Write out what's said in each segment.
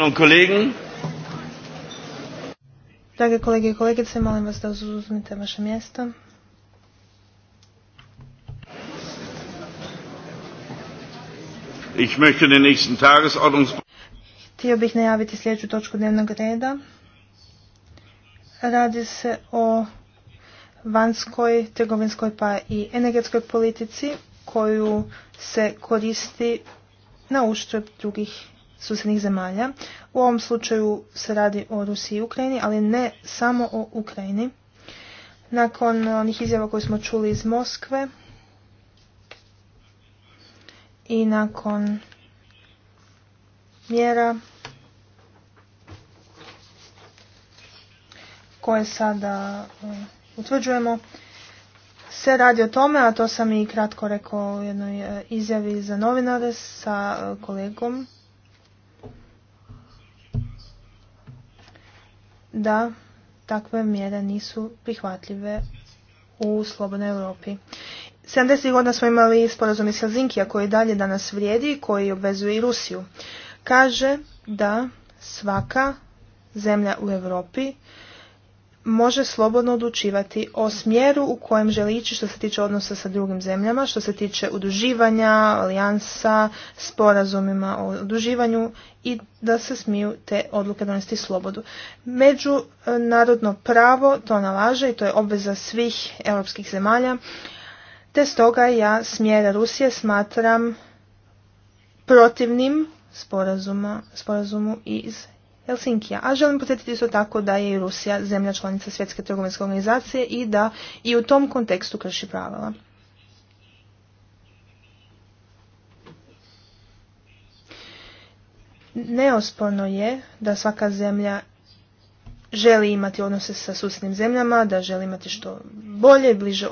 und Kollegen. Drage kolege i kolegice, molim vas da uzmite vaše mjesto. Ich möchte den nächsten Tagesordnungspunkt. Htio bih najaviti sljedeću točku dnevnog reda. Radi se o vanjskoj, trgovinskoj pa i energetskoj politici koju se koristi na uštrb drugih susjednih zemalja. U ovom slučaju se radi o Rusiji i Ukrajini, ali ne samo o Ukrajini. Nakon onih izjava koje smo čuli iz Moskve i nakon mjera koje sada e, utvrđujemo se radi o tome, a to sam i kratko rekao u jednoj e, izjavi za novinare sa e, kolegom da takve mjere nisu prihvatljive u slobodnoj Europi. 70. godina smo imali sporazum iz Helsinkija koji dalje danas vrijedi i koji obvezuje i Rusiju. Kaže da svaka zemlja u Europi može slobodno odlučivati o smjeru u kojem želi ići što se tiče odnosa sa drugim zemljama, što se tiče uduživanja, alijansa, sporazumima o udruživanju i da se smiju te odluke donesti slobodu. Međunarodno e, pravo to nalaže i to je obveza svih europskih zemalja, te stoga ja smjera Rusije smatram protivnim sporazumu iz Helsinkija. A želim podsjetiti isto tako da je i Rusija zemlja članica Svjetske trgovinske organizacije i da i u tom kontekstu krši pravila. Neosporno je da svaka zemlja želi imati odnose sa susjednim zemljama, da želi imati što bolje i bliže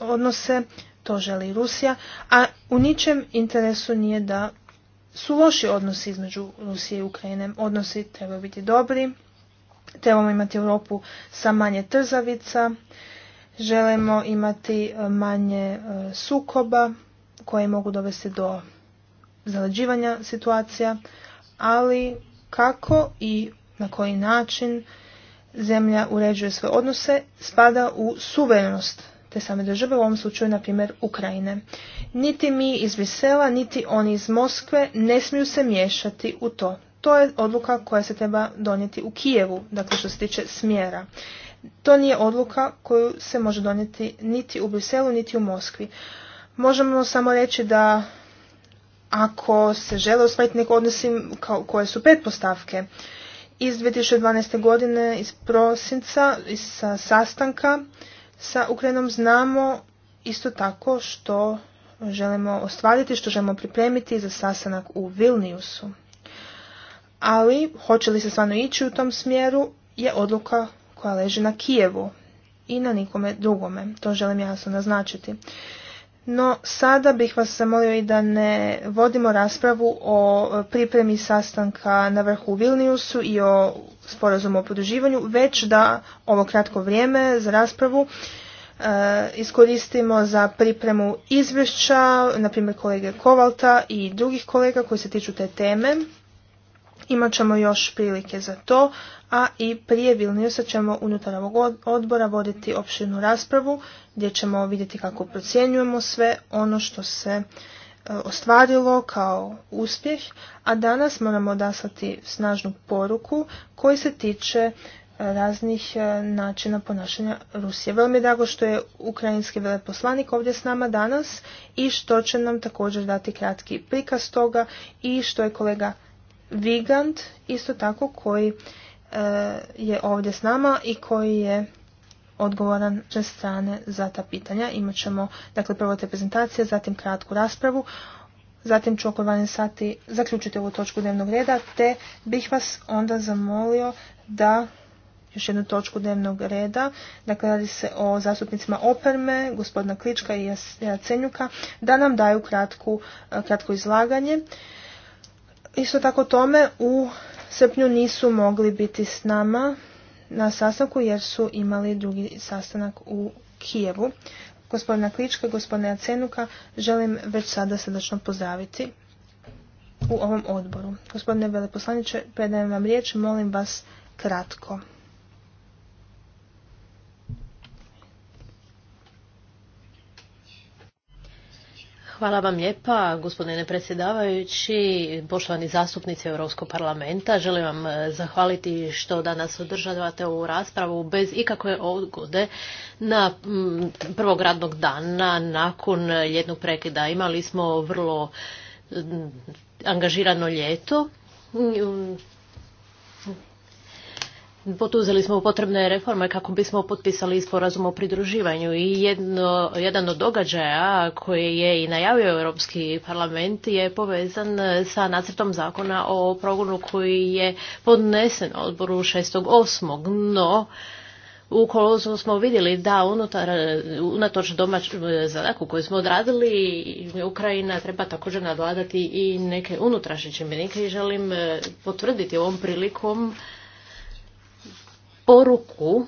odnose, to želi i Rusija, a u ničem interesu nije da su loši odnosi između Rusije i Ukrajine. Odnosi trebaju biti dobri, trebamo imati Europu sa manje trzavica, želimo imati e, manje e, sukoba koje mogu dovesti do zalađivanja situacija, ali kako i na koji način zemlja uređuje svoje odnose spada u suverenost te same države, u ovom slučaju, na primjer, Ukrajine. Niti mi iz Brisela, niti oni iz Moskve ne smiju se miješati u to. To je odluka koja se treba donijeti u Kijevu, dakle što se tiče smjera. To nije odluka koju se može donijeti niti u Briselu, niti u Moskvi. Možemo samo reći da ako se žele ostvariti neko odnosi koje su postavke iz 2012. godine iz prosinca iz sastanka sa Ukrajinom znamo isto tako što želimo ostvariti, što želimo pripremiti za sastanak u Vilniusu. Ali hoće li se stvarno ići u tom smjeru je odluka koja leži na Kijevu i na nikome drugome. To želim jasno naznačiti. No, sada bih vas zamolio i da ne vodimo raspravu o pripremi sastanka na vrhu u Vilniusu i o sporazumu o poduživanju, već da ovo kratko vrijeme za raspravu e, iskoristimo za pripremu izvješća, na primjer kolege Kovalta i drugih kolega koji se tiču te teme. Imat ćemo još prilike za to, a i prije Vilniusa ćemo unutar ovog odbora voditi opširnu raspravu gdje ćemo vidjeti kako procjenjujemo sve ono što se e, ostvarilo kao uspjeh, a danas moramo odaslati snažnu poruku koji se tiče e, raznih e, načina ponašanja Rusije. Vrlo mi je drago što je ukrajinski veleposlanik ovdje s nama danas i što će nam također dati kratki prikaz toga i što je kolega Vigant, isto tako koji e, je ovdje s nama i koji je odgovoran sa strane za ta pitanja. Imaćemo, ćemo dakle, prvo te prezentacije, zatim kratku raspravu, zatim ću oko 12 sati zaključiti ovu točku dnevnog reda, te bih vas onda zamolio da još jednu točku dnevnog reda, dakle radi se o zastupnicima Operme, gospodina Klička i Jacenjuka, da nam daju kratku, e, kratko izlaganje. Isto tako tome u srpnju nisu mogli biti s nama na sastanku jer su imali drugi sastanak u Kijevu. Gospodina Klička, gospodina Cenuka želim već sada srdačno pozdraviti u ovom odboru. Gospodine veleposlaniče, predajem vam riječ, molim vas kratko. Hvala vam lijepa, gospodine predsjedavajući, poštovani zastupnici Europskog parlamenta. Želim vam e, zahvaliti što danas održavate ovu raspravu bez ikakve odgode na mm, prvog radnog dana nakon jednog prekida. Imali smo vrlo mm, angažirano ljeto Potuzeli smo potrebne reforme kako bismo potpisali sporazum o pridruživanju i jedno, jedan od događaja koji je i najavio Europski parlament je povezan sa nacrtom zakona o progonu koji je podnesen odboru 6.8. No, u kolozu smo vidjeli da unutar, unatoč domaćem zadaku koji smo odradili, Ukrajina treba također nadvladati i neke unutrašnje čimbenike i želim eh, potvrditi ovom prilikom poruku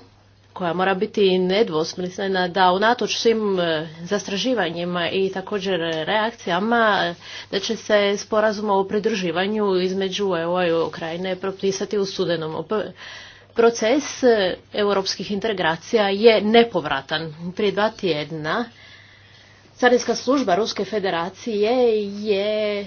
koja mora biti nedvosmislena da unatoč svim e, zastraživanjima i također reakcijama e, da će se sporazum o pridruživanju između EU i Ukrajine propisati u studenom. Proces e, europskih integracija je nepovratan. Prije dva tjedna Carinska služba Ruske federacije je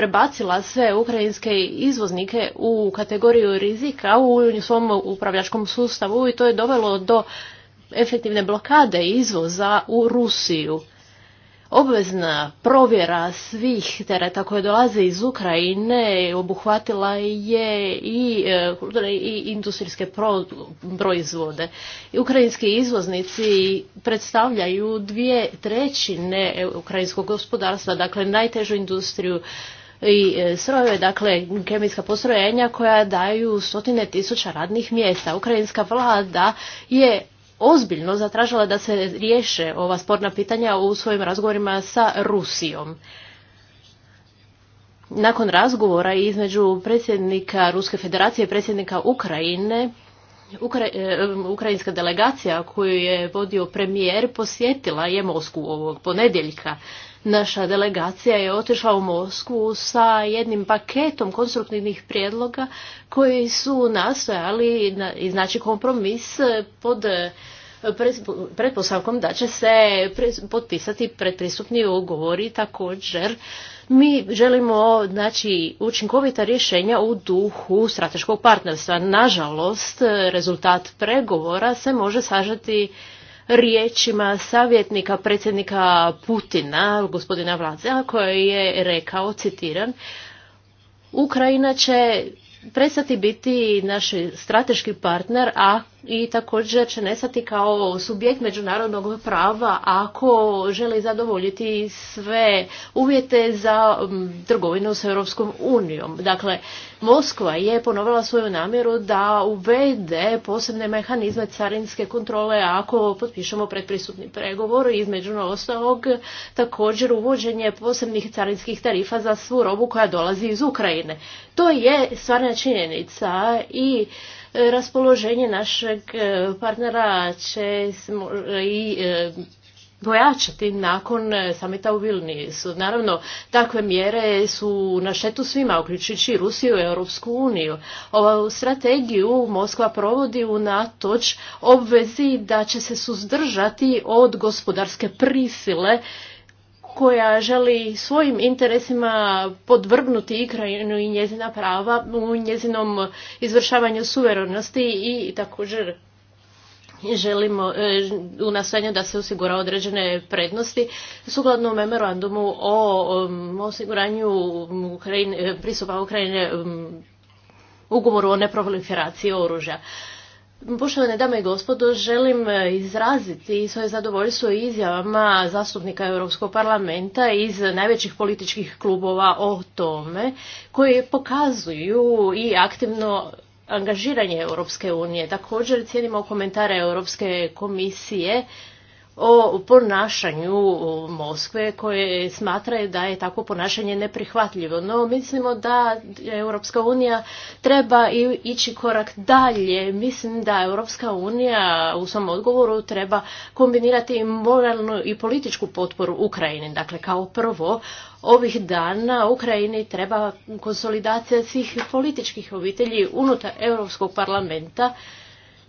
prebacila sve ukrajinske izvoznike u kategoriju rizika u svom upravljačkom sustavu i to je dovelo do efektivne blokade izvoza u Rusiju. Obvezna provjera svih tereta koje dolaze iz Ukrajine obuhvatila je i, e, i industrijske pro, proizvode. Ukrajinski izvoznici predstavljaju dvije trećine e, ukrajinskog gospodarstva, dakle najtežu industriju i e, strojeve, dakle kemijska postrojenja koja daju stotine tisuća radnih mjesta. Ukrajinska vlada je ozbiljno zatražila da se riješe ova sporna pitanja u svojim razgovorima sa Rusijom. Nakon razgovora između predsjednika Ruske federacije i predsjednika Ukrajine, e, ukrajinska delegacija koju je vodio premijer posjetila je Moskvu ovog ponedjeljka. Naša delegacija je otišla u Mosku sa jednim paketom konstruktivnih prijedloga koji su nastojali iznaći kompromis pod eh, pretpostavkom da će se potpisati predpristupni ugovori također mi želimo znači učinkovita rješenja u duhu strateškog partnerstva. Nažalost, rezultat pregovora se može sažeti riječima savjetnika predsjednika Putina, gospodina Vlaza, koji je rekao, citiran, Ukrajina će prestati biti naš strateški partner a i također će nestati kao subjekt međunarodnog prava ako želi zadovoljiti sve uvjete za trgovinu s Europskom unijom. Dakle, Moskva je ponovila svoju namjeru da uvede posebne mehanizme carinske kontrole ako potpišemo predprisutni pregovor između ostalog također uvođenje posebnih carinskih tarifa za svu robu koja dolazi iz Ukrajine. To je stvarna činjenica i raspoloženje našeg e, partnera će i e, pojačati nakon e, samita u Vilniusu. Naravno, takve mjere su na štetu svima, uključujući Rusiju i Europsku uniju. Ovu strategiju Moskva provodi u natoč obvezi da će se suzdržati od gospodarske prisile koja želi svojim interesima podvrgnuti Ukrajinu i njezina prava u njezinom izvršavanju suverenosti i također želimo e, u nastojanju da se osigura određene prednosti sukladno memorandumu o um, osiguranju Ukrajine, pristupa Ukrajine um, ugovoru o neproliferaciji oružja. Poštovane dame i gospodo, želim e, izraziti svoje zadovoljstvo izjavama zastupnika Europskog parlamenta iz najvećih političkih klubova o tome koji pokazuju i aktivno angažiranje Europske unije. Također cijenimo komentare Europske komisije o ponašanju Moskve koje smatraju da je tako ponašanje neprihvatljivo. No mislimo da Europska unija treba ići korak dalje. Mislim da Europska unija u svom odgovoru treba kombinirati moralnu i političku potporu Ukrajini. Dakle, kao prvo, ovih dana Ukrajini treba konsolidacija svih političkih obitelji unutar Europskog parlamenta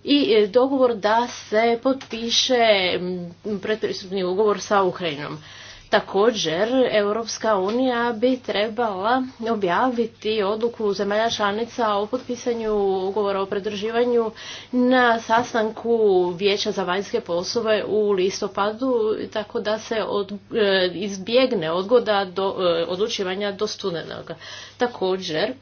i e, dogovor da se potpiše pretpristupni ugovor sa Ukrajinom. Također, Europska unija bi trebala objaviti odluku zemalja članica o potpisanju ugovora o predrživanju na sastanku Vijeća za vanjske poslove u listopadu, tako da se od, e, izbjegne odgoda do, e, odlučivanja do studenoga. Također,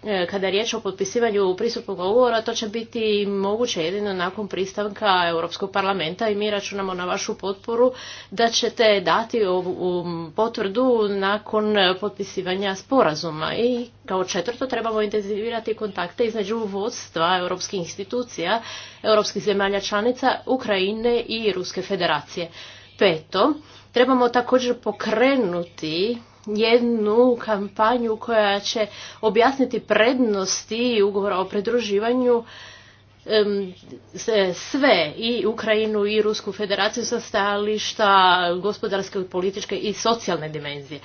E, kada je riječ o potpisivanju pristupnog ugovora, to će biti moguće jedino nakon pristanka Europskog parlamenta i mi računamo na vašu potporu da ćete dati ovu potvrdu nakon potpisivanja sporazuma. I kao četvrto trebamo intenzivirati kontakte između vodstva europskih institucija, europskih zemalja članica, Ukrajine i Ruske federacije. Peto, trebamo također pokrenuti jednu kampanju koja će objasniti prednosti ugovora o pridruživanju sve i Ukrajinu i Rusku federaciju sa stajališta gospodarske, političke i socijalne dimenzije.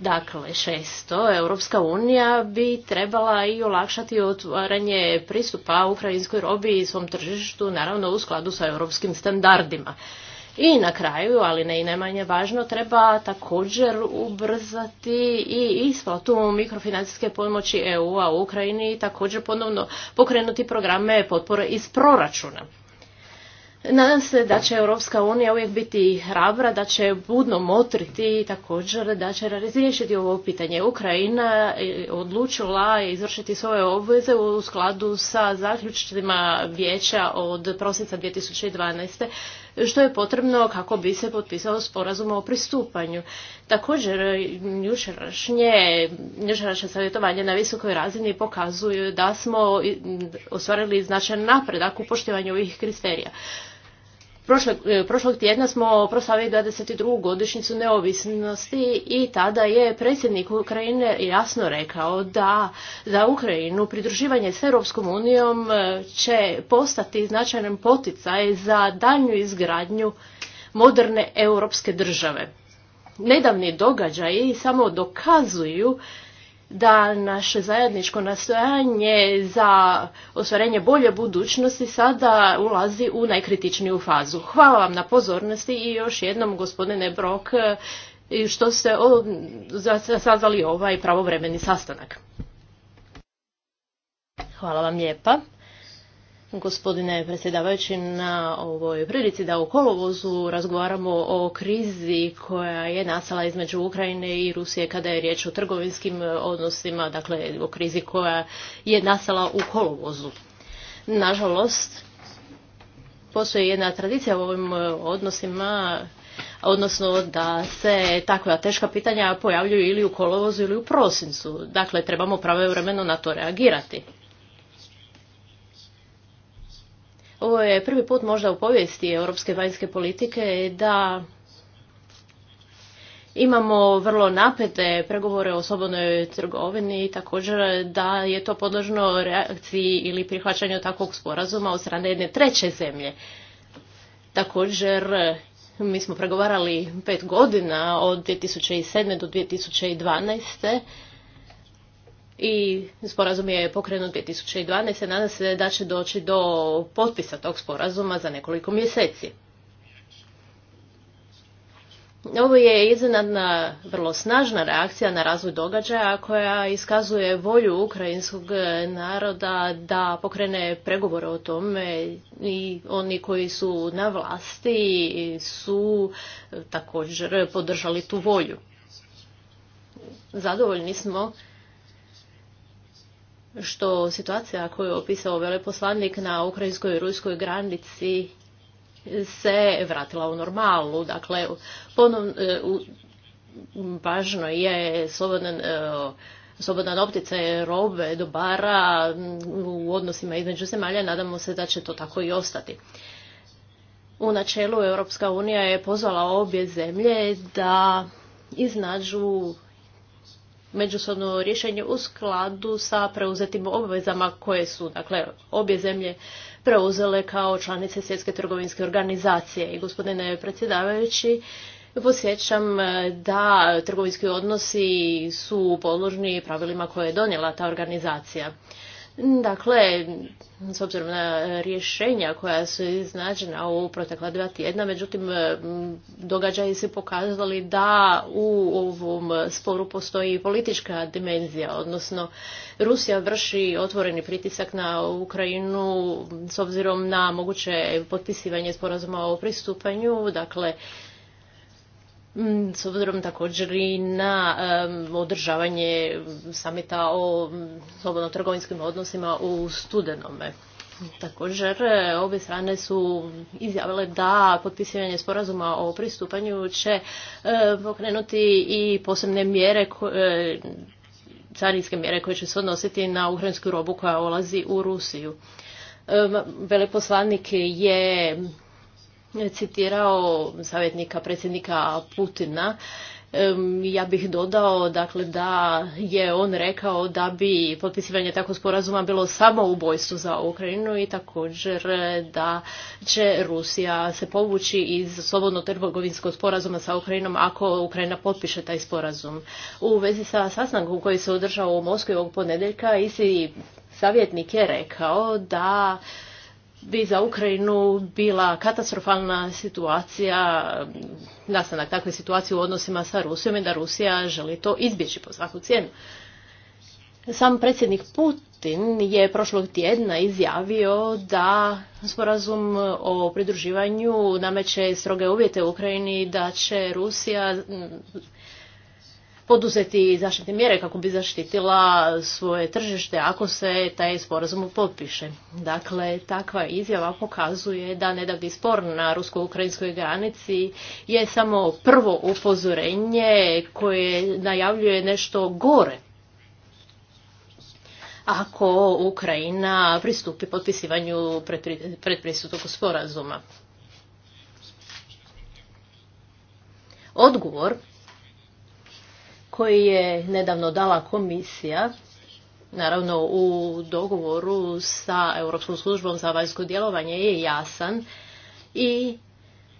Dakle, šesto, Europska unija bi trebala i olakšati otvaranje pristupa ukrajinskoj robi i svom tržištu, naravno u skladu sa europskim standardima. I na kraju, ali ne i najmanje važno, treba također ubrzati i isplatu mikrofinancijske pomoći EU-a u Ukrajini i također ponovno pokrenuti programe potpore iz proračuna. Nadam se da će Europska unija uvijek biti hrabra, da će budno motriti i također da će razriješiti ovo pitanje. Ukrajina odlučila izvršiti svoje obveze u skladu sa zaključcima vijeća od prosinca 2012 što je potrebno kako bi se potpisao sporazum o pristupanju. Također, jučerašnje, savjetovanje na visokoj razini pokazuju da smo ostvarili značajan napredak u poštivanju ovih kriterija. E, prošlog, tjedna smo proslavili 22. godišnjicu neovisnosti i tada je predsjednik Ukrajine jasno rekao da za Ukrajinu pridruživanje s Europskom unijom e, će postati značajan poticaj za daljnju izgradnju moderne europske države. Nedavni događaji samo dokazuju da naše zajedničko nastojanje za ostvarenje bolje budućnosti sada ulazi u najkritičniju fazu. Hvala vam na pozornosti i još jednom gospodine Brok što ste sazvali ovaj pravovremeni sastanak. Hvala vam lijepa gospodine predsjedavajući na ovoj prilici da u kolovozu razgovaramo o krizi koja je nastala između Ukrajine i Rusije kada je riječ o trgovinskim odnosima, dakle o krizi koja je nastala u kolovozu. Nažalost, postoji jedna tradicija u ovim odnosima odnosno da se takva teška pitanja pojavljuju ili u kolovozu ili u prosincu. Dakle, trebamo vremeno na to reagirati. Ovo je prvi put možda u povijesti europske vanjske politike da imamo vrlo napete pregovore o slobodnoj trgovini i također da je to podložno reakciji ili prihvaćanju takvog sporazuma od strane jedne treće zemlje. Također mi smo pregovarali pet godina od 2007. do 2012 i sporazum je pokrenut 2012. Nadam se da će doći do potpisa tog sporazuma za nekoliko mjeseci. Ovo je iznenadna vrlo snažna reakcija na razvoj događaja koja iskazuje volju ukrajinskog naroda da pokrene pregovore o tome i oni koji su na vlasti su također podržali tu volju. Zadovoljni smo što situacija koju je opisao veleposlanik na ukrajinskoj i ruskoj granici se vratila u normalu. Dakle, ponovno, e, važno je slobodan e, slobodan opticaj robe, dobara u odnosima između zemalja. Nadamo se da će to tako i ostati. U načelu Europska unija je pozvala obje zemlje da iznađu međusobno rješenje u skladu sa preuzetim obvezama koje su dakle, obje zemlje preuzele kao članice Svjetske trgovinske organizacije. I gospodine predsjedavajući, Posjećam e, da trgovinski odnosi su podložni pravilima koje je donijela ta organizacija. Dakle, s obzirom na rješenja koja su iznađena u protekla dva tjedna, međutim, mm, događaji se pokazali da u ovom sporu postoji politička dimenzija, odnosno Rusija vrši otvoreni pritisak na Ukrajinu s obzirom na moguće potpisivanje sporazuma o pristupanju, dakle, Mm, s obzirom također i na održavanje samita o mm, slobodno trgovinskim odnosima u studenome. Također, e, obje strane su izjavile da potpisivanje sporazuma o pristupanju će e, pokrenuti i posebne mjere e, carinske mjere koje će se odnositi na ukrajinsku robu koja ulazi u Rusiju. Veleposlanik je citirao savjetnika predsjednika Putina. Ja bih dodao dakle, da je on rekao da bi potpisivanje takvog sporazuma bilo samo ubojstvo za Ukrajinu i također da će Rusija se povući iz slobodno trgovinskog sporazuma sa Ukrajinom ako Ukrajina potpiše taj sporazum. U vezi sa sastankom koji se održao u Moskvi ovog ponedjeljka isti savjetnik je rekao da bi za Ukrajinu bila katastrofalna situacija, nastanak takve situacije u odnosima sa Rusijom i da Rusija želi to izbjeći po svaku cijenu. Sam predsjednik Putin je prošlog tjedna izjavio da sporazum o pridruživanju nameće stroge uvjete u Ukrajini da će Rusija poduzeti zaštitne mjere kako bi zaštitila svoje tržište ako se taj sporazum potpiše. Dakle, takva izjava pokazuje da nedavni spor na rusko-ukrajinskoj granici je samo prvo upozorenje koje najavljuje nešto gore ako Ukrajina pristupi potpisivanju predpristupnog sporazuma. Odgovor koji je nedavno dala komisija, naravno u dogovoru sa Europskom službom za vanjsko djelovanje je jasan i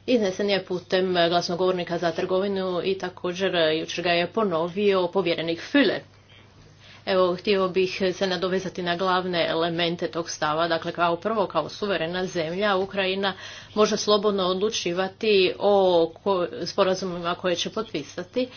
iznesen je putem glasnogovornika za trgovinu i također jučer ga je ponovio povjerenik Füller. Evo, htio bih se nadovezati na glavne elemente tog stava. Dakle, kao prvo, kao suverena zemlja, Ukrajina može slobodno odlučivati o sporazumima koje će potpisati.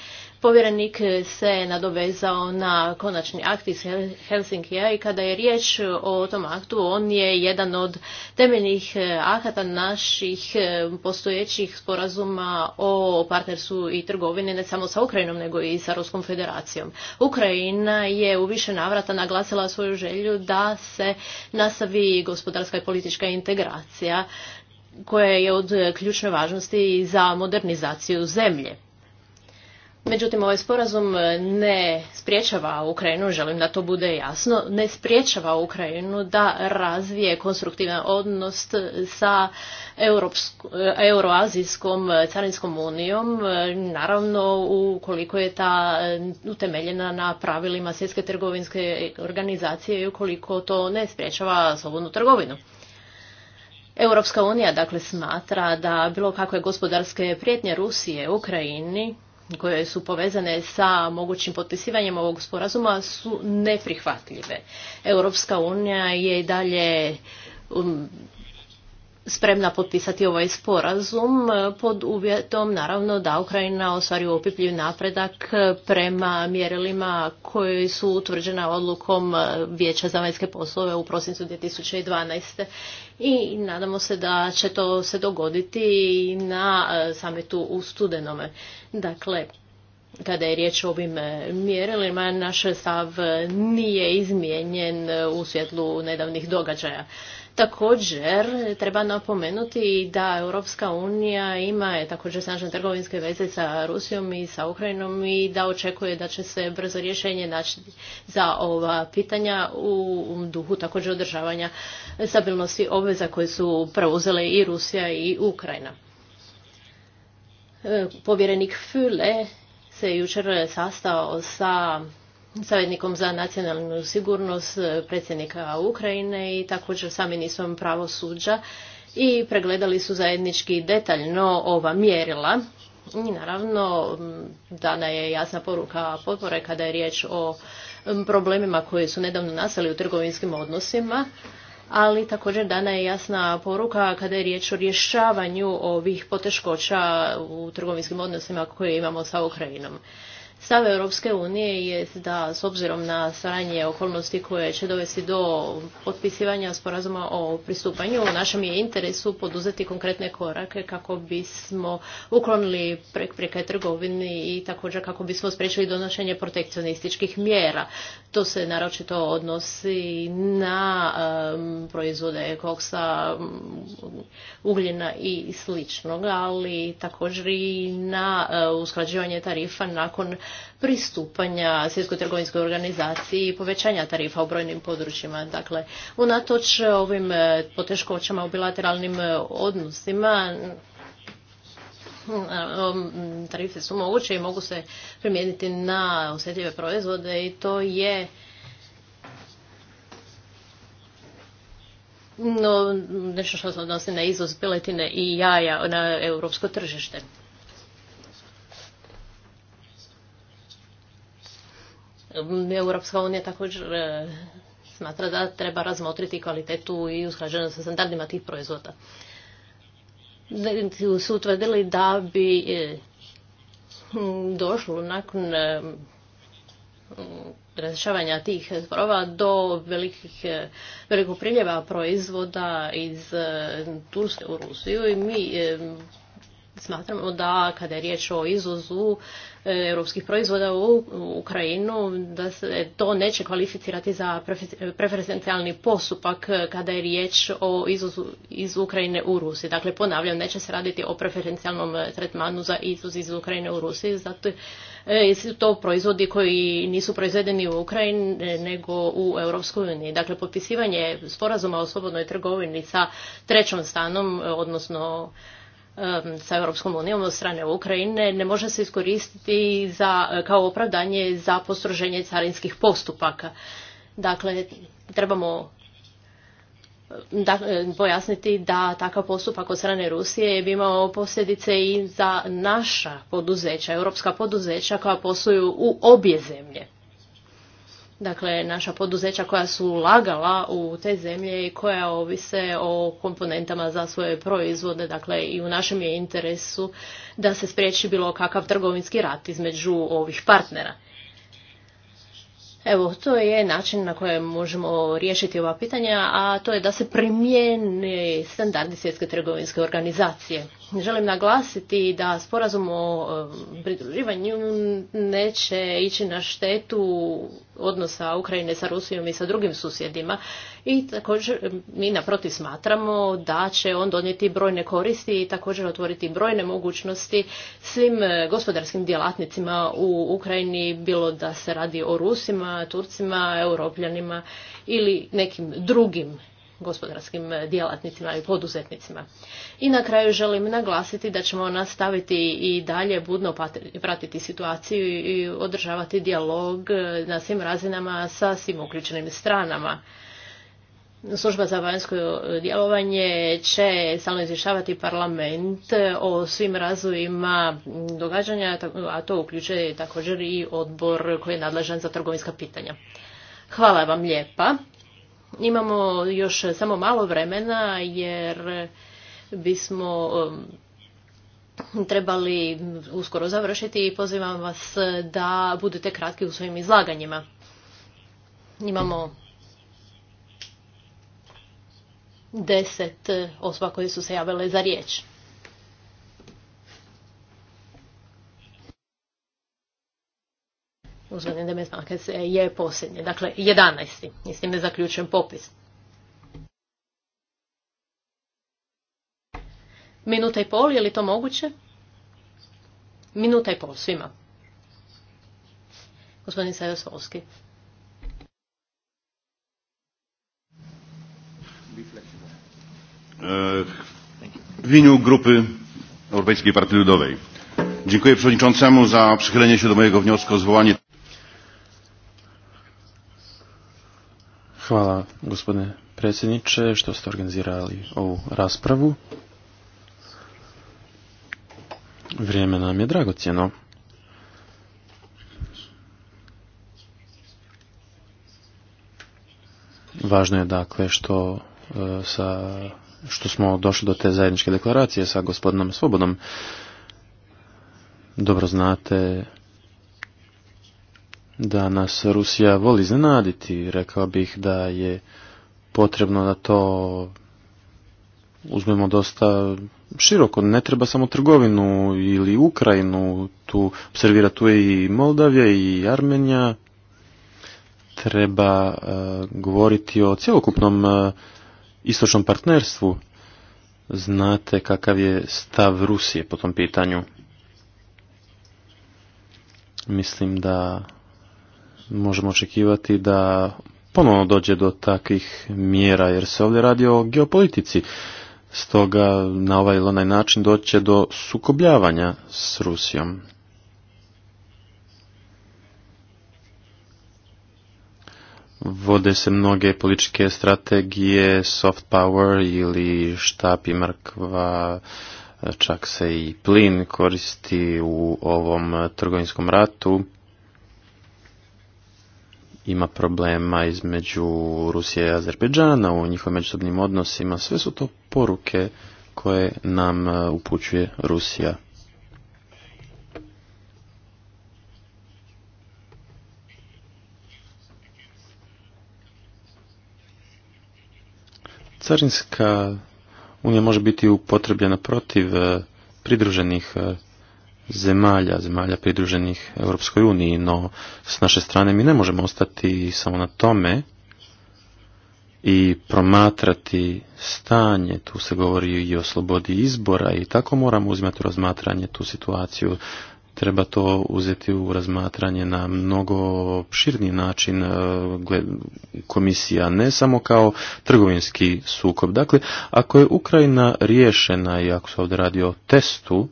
Povjerenik se nadovezao na konačni akt iz Helsinkija i kada je riječ o tom aktu, on je jedan od temeljnih e, akata naših e, postojećih sporazuma o partnersu i trgovini ne samo sa Ukrajinom nego i sa Ruskom federacijom. Ukrajina je u više navrata naglasila svoju želju da se nastavi gospodarska i politička integracija koja je od ključne važnosti za modernizaciju zemlje. Međutim, ovaj sporazum e, ne spriječava Ukrajinu, želim da to bude jasno, ne spriječava Ukrajinu da razvije konstruktivan odnos sa e, Euroazijskom e, carinskom unijom, naravno ukoliko je ta utemeljena na pravilima svjetske trgovinske organizacije i ukoliko to ne spriječava slobodnu trgovinu. Europska unija dakle smatra da bilo kakve gospodarske prijetnje Rusije Ukrajini koje su povezane sa mogućim potpisivanjem ovog sporazuma su neprihvatljive. Europska unija je i dalje um, spremna potpisati ovaj sporazum pod uvjetom naravno da Ukrajina ostvari opipljiv napredak prema mjerilima koji su utvrđena odlukom Vijeća za vanjske poslove u prosincu 2012. I nadamo se da će to se dogoditi na e, samitu u studenome. Dakle, kada je riječ o ovim e, mjerilima, naš stav nije izmijenjen e, u svjetlu nedavnih događaja. Također treba napomenuti da Europska unija ima e, također snažne trgovinske veze sa Rusijom i sa Ukrajinom i da očekuje da će se brzo rješenje naći za ova pitanja u duhu također održavanja stabilnosti obveza koje su preuzele i Rusija i Ukrajina. E, povjerenik Füle se jučer sastao sa savjetnikom za nacionalnu sigurnost e, predsjednika Ukrajine i također sa ministrom pravosuđa i pregledali su zajednički detaljno ova mjerila. I naravno dana je jasna poruka potpore kada je riječ o problemima koji su nedavno nastali u trgovinskim odnosima, ali također dana je jasna poruka kada je riječ o rješavanju ovih poteškoća u trgovinskim odnosima koje imamo sa Ukrajinom. Stav Europske unije je da s obzirom na stranje okolnosti koje će dovesti do potpisivanja sporazuma o pristupanju, u našem je interesu poduzeti konkretne korake kako bismo uklonili prepreke trgovini i također kako bismo spriječili donošenje protekcionističkih mjera. To se naročito odnosi na proizvode koksa, mm, ugljena i sličnog, ali također i na e, usklađivanje tarifa nakon pristupanja Svjetskoj trgovinskoj organizaciji i povećanja tarifa u brojnim područjima. Dakle, unatoč ovim e, poteškoćama u bilateralnim e, odnosima, tarife su moguće i mogu se primijeniti na osjetljive proizvode i to je nešto što se odnosi na izvoz piletine i jaja na europsko tržište. E, Europska unija također e, smatra da treba razmotriti kvalitetu i usklađenost sa standardima tih proizvoda. Su utvrdili da bi e, došlo nakon razrešavanja tih sprova do velikih, velikog priljeva proizvoda iz Turske u Rusiju i mi Smatramo da kada je riječ o izvozu e, europskih proizvoda u Ukrajinu, da se to neće kvalificirati za preferencijalni postupak kada je riječ o izvozu iz Ukrajine u Rusiji. Dakle, ponavljam, neće se raditi o preferencijalnom e, tretmanu za izvoz iz Ukrajine u Rusiji, zato e, su to proizvodi koji nisu proizvedeni u Ukrajini nego u Europskoj uniji. Dakle, potpisivanje sporazuma o slobodnoj trgovini sa trećom stanom, odnosno sa Europskom unijom od strane Ukrajine ne može se iskoristiti za, kao opravdanje za postroženje carinskih postupaka. Dakle, trebamo da, pojasniti da takav postupak od strane Rusije bi imao posljedice i za naša poduzeća, europska poduzeća koja posluju u obje zemlje. Dakle, naša poduzeća koja su ulagala u te zemlje i koja ovise o komponentama za svoje proizvode, dakle i u našem je interesu da se spriječi bilo kakav trgovinski rat između ovih partnera. Evo, to je način na kojem možemo riješiti ova pitanja, a to je da se primijeni standardi svjetske trgovinske organizacije. Želim naglasiti da sporazum o pridruživanju neće ići na štetu odnosa Ukrajine sa Rusijom i sa drugim susjedima i također mi naprotiv smatramo da će on donijeti brojne koristi i također otvoriti brojne mogućnosti svim e, gospodarskim djelatnicima u Ukrajini, bilo da se radi o Rusima, Turcima, Europljanima ili nekim drugim gospodarskim e, djelatnicima i poduzetnicima. I na kraju želim naglasiti da ćemo nastaviti i dalje budno pratiti situaciju i održavati dijalog e, na svim razinama sa svim uključenim stranama. Služba za vanjsko djelovanje će stalno izvještavati parlament o svim razvojima događanja, a to uključuje također i odbor koji je nadležan za trgovinska pitanja. Hvala vam lijepa. Imamo još samo malo vremena jer bismo um, trebali uskoro završiti i pozivam vas da budete kratki u svojim izlaganjima. Imamo deset e, osoba koje su se javile za riječ. Uzvodin se je posljednje. dakle 11. I s time zaključujem popis. Minuta i pol, je li to moguće? Minuta i pol svima. Gospodin Sajosovski. E, w imieniu Grupy Europejskiej Partii Ludowej dziękuję przewodniczącemu za przychylenie się do mojego wniosku o zwołanie. Hvala gospodine predsjedniče što ste organizirali ovu raspravu. Vrijeme nam je dragocjeno. Važno je dakle što e, sa što smo došli do te zajedničke deklaracije sa gospodinom Svobodom. Dobro znate da nas Rusija voli iznenaditi. Rekao bih da je potrebno da to uzmemo dosta široko. Ne treba samo trgovinu ili Ukrajinu. Tu observira tu je i Moldavija i Armenija. Treba e, govoriti o cjelokupnom e, istočnom partnerstvu, znate kakav je stav Rusije po tom pitanju. Mislim da možemo očekivati da ponovno dođe do takvih mjera, jer se ovdje radi o geopolitici. Stoga na ovaj ili onaj način doće do sukobljavanja s Rusijom. vode se mnoge političke strategije, soft power ili štap i mrkva, čak se i plin koristi u ovom trgovinskom ratu. Ima problema između Rusije i Azerbeđana u njihovim međusobnim odnosima. Sve su to poruke koje nam uh, upućuje Rusija. Carinska unija može biti upotrebljena protiv e, pridruženih e, zemalja, zemalja pridruženih Europskoj uniji, no s naše strane mi ne možemo ostati samo na tome i promatrati stanje, tu se govori i o slobodi izbora i tako moramo uzimati razmatranje tu situaciju treba to uzeti u razmatranje na mnogo širni način e, komisija, ne samo kao trgovinski sukob. Dakle, ako je Ukrajina riješena i ako se ovdje radi o testu,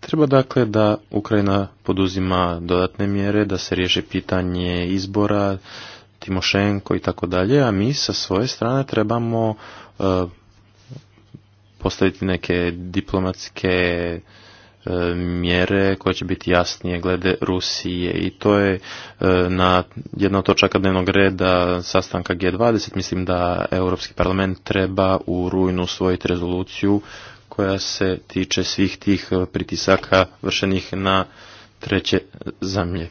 Treba dakle da Ukrajina poduzima dodatne mjere, da se riješe pitanje izbora, Timošenko i tako dalje, a mi sa svoje strane trebamo e, postaviti neke diplomatske e, mjere koje će biti jasnije glede Rusije i to je e, na jedna od točaka dnevnog reda sastanka G20 mislim da Europski parlament treba u rujnu usvojiti rezoluciju koja se tiče svih tih e, pritisaka vršenih na treće zemlje.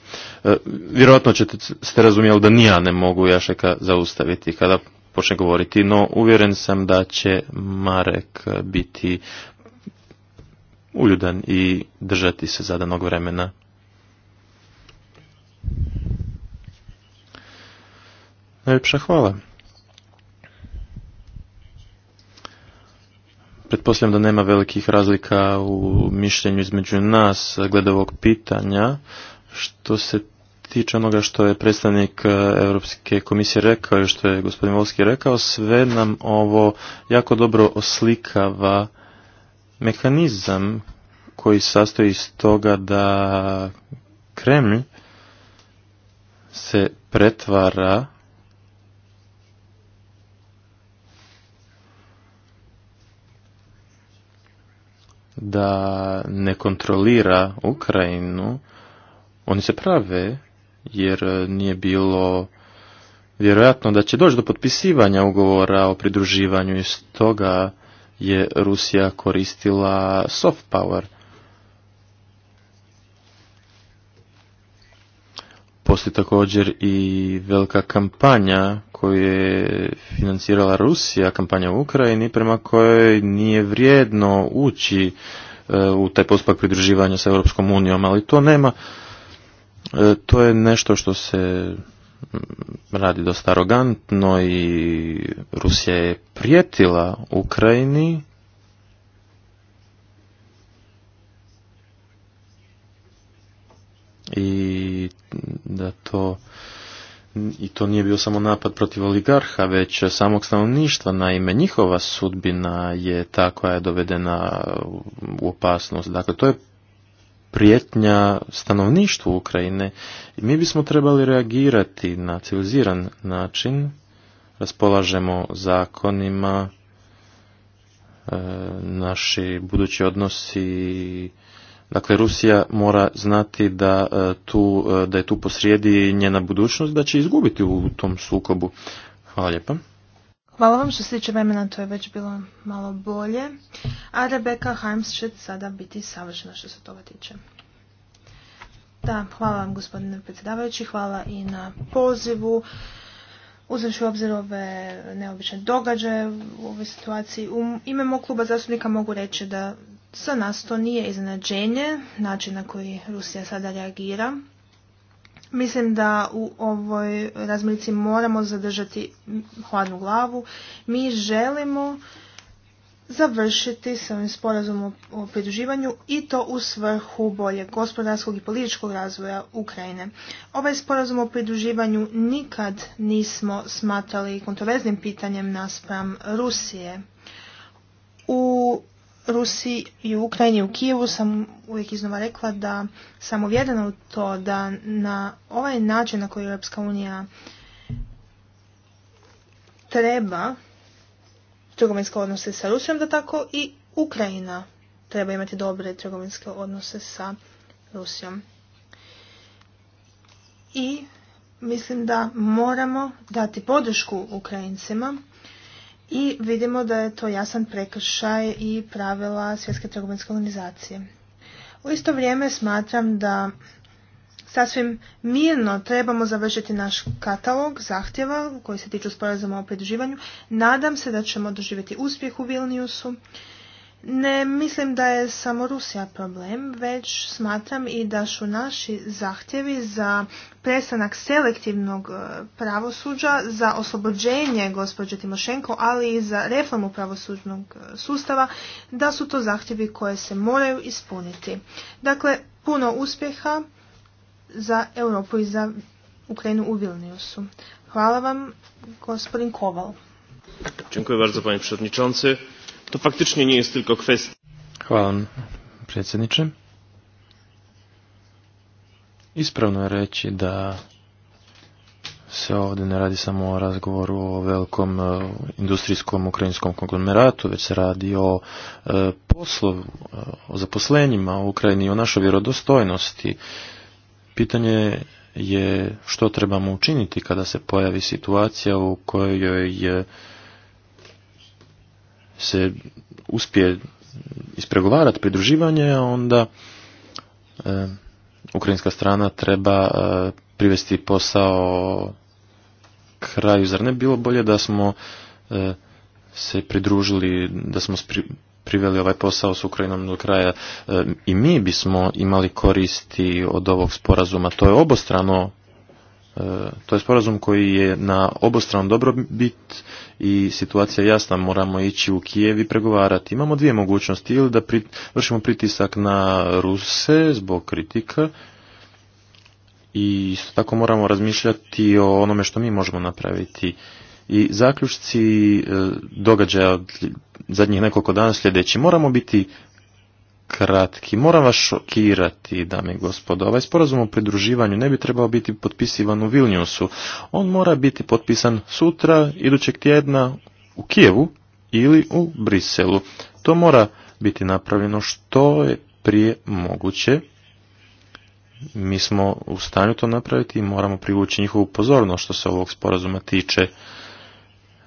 Vjerojatno ćete, ste razumjeli da nija ne mogu Jašeka zaustaviti. Kada počne govoriti, no uvjeren sam da će Marek biti uljudan i držati se zadanog vremena. Najljepša hvala. Pretpostavljam da nema velikih razlika u mišljenju između nas glede ovog pitanja. Što se tiče onoga što je predstavnik e, Europske komisije rekao i što je gospodin Volski rekao, sve nam ovo jako dobro oslikava mehanizam koji sastoji iz toga da Kreml se pretvara da ne kontrolira Ukrajinu, oni se prave jer e, nije bilo vjerojatno da će doći do potpisivanja ugovora o pridruživanju i stoga je Rusija koristila soft power. Poslije također i velika kampanja koju je financirala Rusija, kampanja u Ukrajini, prema kojoj nije vrijedno ući e, u taj postupak pridruživanja sa Europskom unijom, ali to nema E, to je nešto što se mm, radi dosta arogantno i Rusija je prijetila Ukrajini i da to i to nije bio samo napad protiv oligarha, već samog stanovništva. Naime, njihova sudbina je ta koja je dovedena u opasnost. Dakle, to je prijetnja stanovništvu Ukrajine. I mi bismo trebali reagirati na civiliziran način. Raspolažemo zakonima, e, naši budući odnosi Dakle, Rusija mora znati da, e, tu, e, da je tu posrijedi njena budućnost, da će izgubiti u tom sukobu. Hvala lijepa. Hvala vam što se tiče vremena, to je već bilo malo bolje. A Rebecca Harms će sada biti savršena što se toga tiče. Da, hvala vam gospodine predsjedavajući, hvala i na pozivu. Uzevši u obzir ove neobične događaje u ovoj situaciji, u ime mog kluba zastupnika mogu reći da za nas to nije iznenađenje, način na koji Rusija sada reagira Mislim da u ovoj razmirici moramo zadržati hladnu glavu. Mi želimo završiti s ovim sporazumom o pridruživanju i to u svrhu bolje gospodarskog i političkog razvoja Ukrajine. Ovaj sporazum o pridruživanju nikad nismo smatrali kontroverznim pitanjem naspram Rusije. U Rusiji i u Ukrajini u Kijevu sam uvijek iznova rekla da sam uvjerena u to da na ovaj način na koji Europska unija treba trgovinske odnose sa Rusijom, da tako i Ukrajina treba imati dobre trgovinske odnose sa Rusijom. I mislim da moramo dati podršku Ukrajincima i vidimo da je to jasan prekršaj i pravila Svjetske trgovinske organizacije. U isto vrijeme smatram da sasvim mirno trebamo završiti naš katalog zahtjeva koji se tiču sporazuma o pridruživanju. Nadam se da ćemo doživjeti uspjeh u Vilniusu ne mislim da je samo Rusija problem, već smatram i da su naši zahtjevi za prestanak selektivnog e, pravosuđa, za oslobođenje gospođe Timošenko, ali i za reformu pravosuđnog e, sustava, da su to zahtjevi koje se moraju ispuniti. Dakle, puno uspjeha za Europu i za Ukrajinu u Vilniusu. Hvala vam, gospodin Koval. Dziękuję bardzo, panie przewodniczący to faktycznie nie jest tylko kwestia. Hvala predsjedniče. Ispravno je reći da se ovdje ne radi samo o razgovoru o velikom e, industrijskom ukrajinskom konglomeratu, već se radi o e, poslu, e, o zaposlenjima u Ukrajini, o našoj vjerodostojnosti. Pitanje je što trebamo učiniti kada se pojavi situacija u kojoj je se uspije ispregovarati pridruživanje, onda e, ukrajinska strana treba e, privesti posao kraju. Zar ne bilo bolje da smo e, se pridružili, da smo priveli ovaj posao s Ukrajinom do kraja i mi bismo imali koristi od ovog sporazuma. To je obostrano to je sporazum koji je na obostran dobrobit i situacija je jasna, moramo ići u Kijev i pregovarati. Imamo dvije mogućnosti, ili da vršimo pritisak na Ruse zbog kritika i isto tako moramo razmišljati o onome što mi možemo napraviti. I zaključci e, događaja zadnjih nekoliko dana sljedeći. Moramo biti kratki. Moram vas šokirati, dame i gospodo. Ovaj sporazum o pridruživanju ne bi trebao biti potpisivan u Vilniusu. On mora biti potpisan sutra, idućeg tjedna u Kijevu ili u Briselu. To mora biti napravljeno što je prije moguće. Mi smo u stanju to napraviti i moramo privući njihovu pozornost što se ovog sporazuma tiče.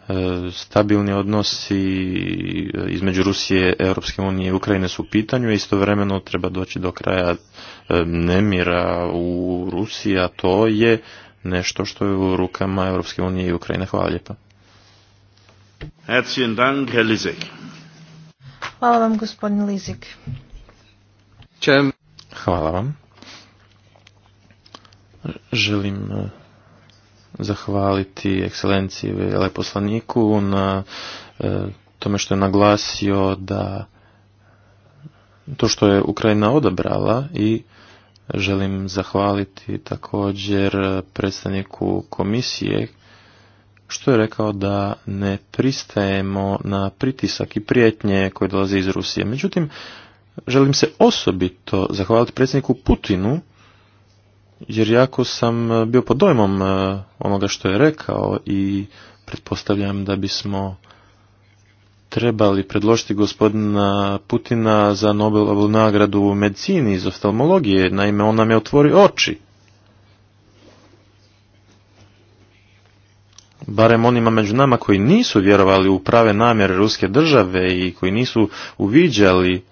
E, stabilni odnosi između Rusije, Europske unije i Ukrajine su u pitanju i istovremeno treba doći do kraja e, nemira u Rusiji, a to je nešto što je u rukama Europske unije i Ukrajine. Hvala lijepa. Hvala vam, gospodin Lizik. Hvala vam. Želim e, zahvaliti ekscelenciji veleposlaniku na e, tome što je naglasio da to što je Ukrajina odabrala i želim zahvaliti također predstavniku komisije što je rekao da ne pristajemo na pritisak i prijetnje koje dolaze iz Rusije. Međutim, želim se osobito zahvaliti predsjedniku Putinu jer jako sam e, bio pod dojmom e, onoga što je rekao i pretpostavljam da bismo trebali predložiti gospodina Putina za Nobelovu nagradu u medicini iz oftalmologije. Naime, on nam je otvori oči. barem onima među nama koji nisu vjerovali u prave namjere ruske države i koji nisu uviđali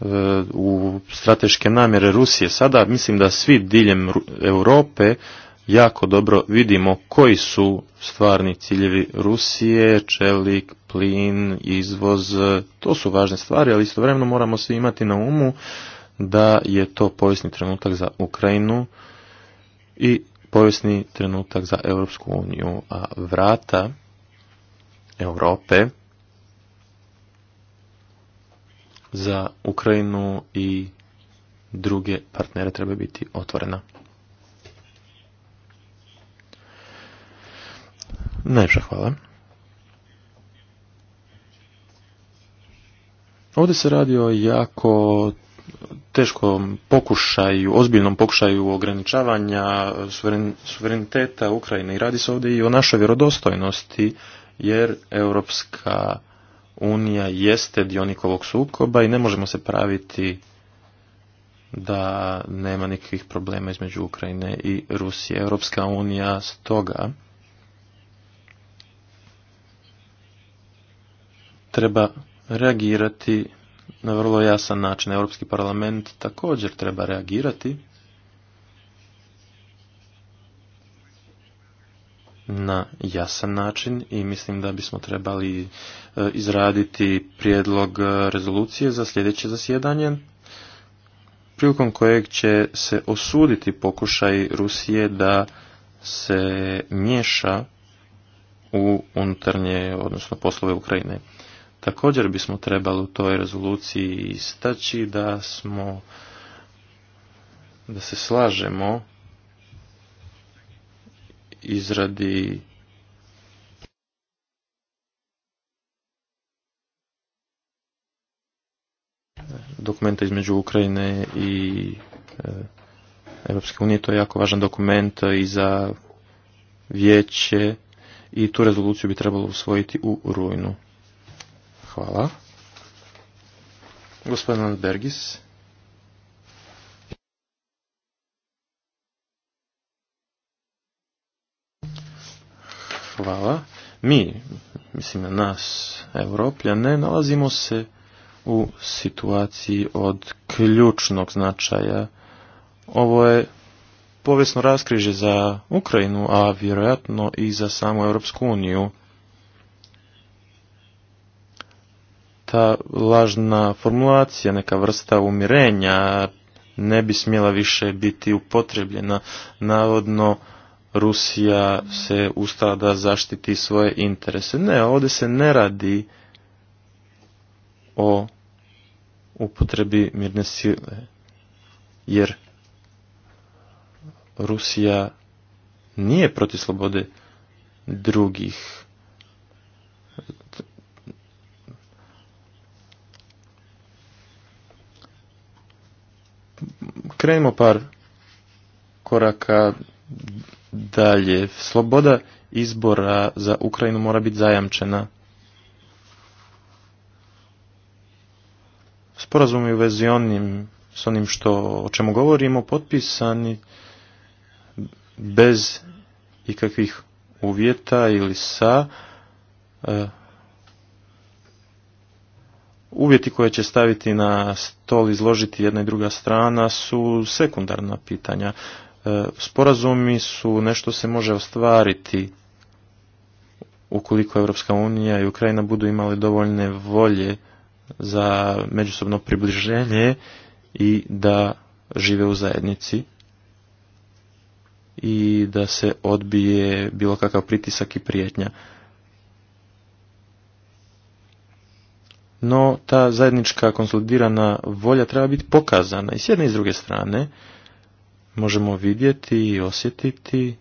E, u strateške namjere Rusije. Sada mislim da svi diljem Europe jako dobro vidimo koji su stvarni ciljevi Rusije, čelik, plin, izvoz, to su važne stvari, ali istovremeno moramo svi imati na umu da je to povijesni trenutak za Ukrajinu i povijesni trenutak za Europsku uniju, a vrata Europe za Ukrajinu i druge partnere treba biti otvorena. Najviše hvala. Ovdje se radi o jako teškom pokušaju, ozbiljnom pokušaju ograničavanja suvereniteta Ukrajine i radi se ovdje i o našoj vjerodostojnosti jer europska unija jeste dionik ovog sukoba i ne možemo se praviti da nema nikakvih problema između Ukrajine i Rusije. Europska unija stoga treba reagirati na vrlo jasan način. Europski parlament također treba reagirati na jasan način i mislim da bismo trebali e, izraditi prijedlog e, rezolucije za sljedeće zasjedanje prilikom kojeg će se osuditi pokušaj Rusije da se miješa u unutarnje, odnosno poslove Ukrajine. Također bismo trebali u toj rezoluciji istaći da smo da se slažemo izradi dokumenta između Ukrajine i Europske unije. To je jako važan dokument i za vijeće i tu rezoluciju bi trebalo usvojiti u rujnu. Hvala. Gospodin Bergis. Hvala. Mi, mislim na nas, ne nalazimo se u situaciji od ključnog značaja. Ovo je povijesno raskriže za Ukrajinu, a vjerojatno i za samu Europsku uniju. Ta lažna formulacija, neka vrsta umirenja, ne bi smjela više biti upotrebljena. Navodno, Rusija se ustala da zaštiti svoje interese. Ne, ovdje se ne radi o upotrebi mirne sile, jer Rusija nije protiv slobode drugih. Krenimo par koraka Dalje, sloboda izbora za Ukrajinu mora biti zajamčena. Sporazumi u vezi onim, s onim što, o čemu govorimo potpisani bez ikakvih uvjeta ili sa e, uvjeti koje će staviti na stol izložiti jedna i druga strana su sekundarna pitanja. E, sporazumi su nešto se može ostvariti ukoliko Europska unija i Ukrajina budu imali dovoljne volje za međusobno približenje i da žive u zajednici i da se odbije bilo kakav pritisak i prijetnja. No, ta zajednička konsolidirana volja treba biti pokazana i s jedne i s druge strane možemo vidjeti i osjetiti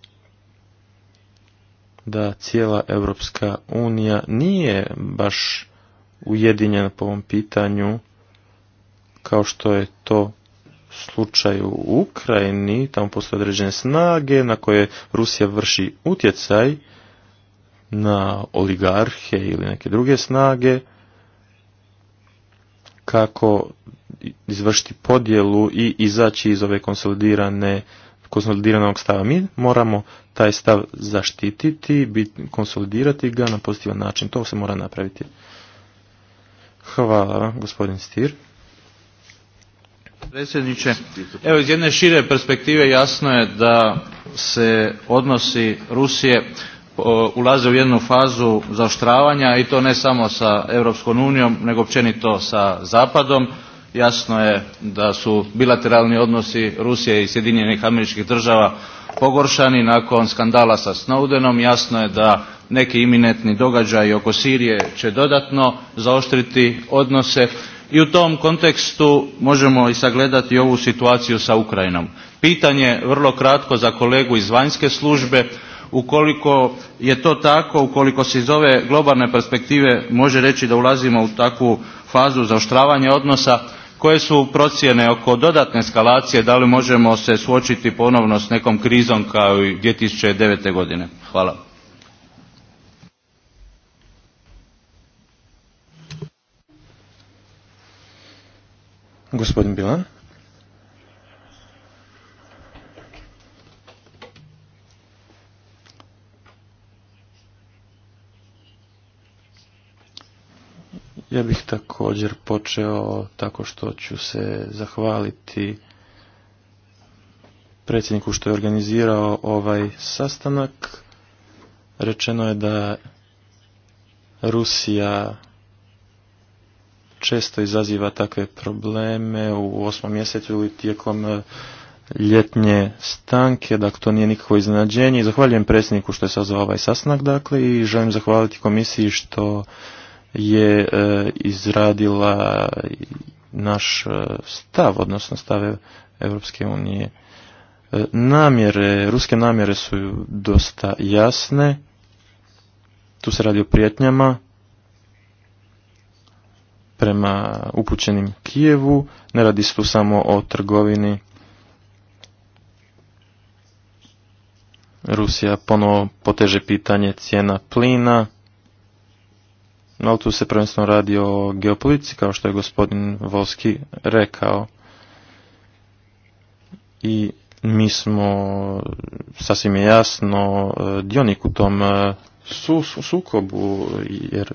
da cijela Europska unija nije baš ujedinjena po ovom pitanju kao što je to slučaj u Ukrajini, tamo postoje određene snage na koje Rusija vrši utjecaj na oligarhe ili neke druge snage kako izvršiti podjelu i izaći iz ove konsolidirane konsolidiranog stava. Mi moramo taj stav zaštititi, bit, konsolidirati ga na pozitivan način. To se mora napraviti. Hvala, gospodin Stir. Predsjedniče, evo iz jedne šire perspektive jasno je da se odnosi Rusije ulaze u jednu fazu zaoštravanja i to ne samo sa Europskom unijom, nego općenito sa Zapadom jasno je da su bilateralni odnosi Rusije i Sjedinjenih američkih država pogoršani nakon skandala sa Snowdenom, jasno je da neki iminentni događaji oko Sirije će dodatno zaoštriti odnose i u tom kontekstu možemo i sagledati ovu situaciju sa Ukrajinom. Pitanje vrlo kratko za kolegu iz vanjske službe, ukoliko je to tako, ukoliko se iz ove globalne perspektive može reći da ulazimo u takvu fazu zaoštravanja odnosa, koje su procjene oko dodatne eskalacije, da li možemo se suočiti ponovno s nekom krizom kao i 2009. godine? Hvala. Gospodin Ja bih također počeo tako što ću se zahvaliti predsjedniku što je organizirao ovaj sastanak. Rečeno je da Rusija često izaziva takve probleme u osmom mjesecu ili tijekom e, ljetnje stanke, dakle to nije nikakvo iznenađenje zahvaljujem predsjedniku što je sazvao ovaj sastanak dakle i želim zahvaliti komisiji što je e, izradila naš e, stav, odnosno stave Europske unije. E, namjere, ruske namjere su dosta jasne. Tu se radi o prijetnjama prema upućenim Kijevu. Ne radi se tu samo o trgovini. Rusija ponovo poteže pitanje cijena plina no tu se prvenstveno radi o geopolitici, kao što je gospodin Volski rekao. I mi smo sasvim jasno e, dionik u tom e, su, sukobu, jer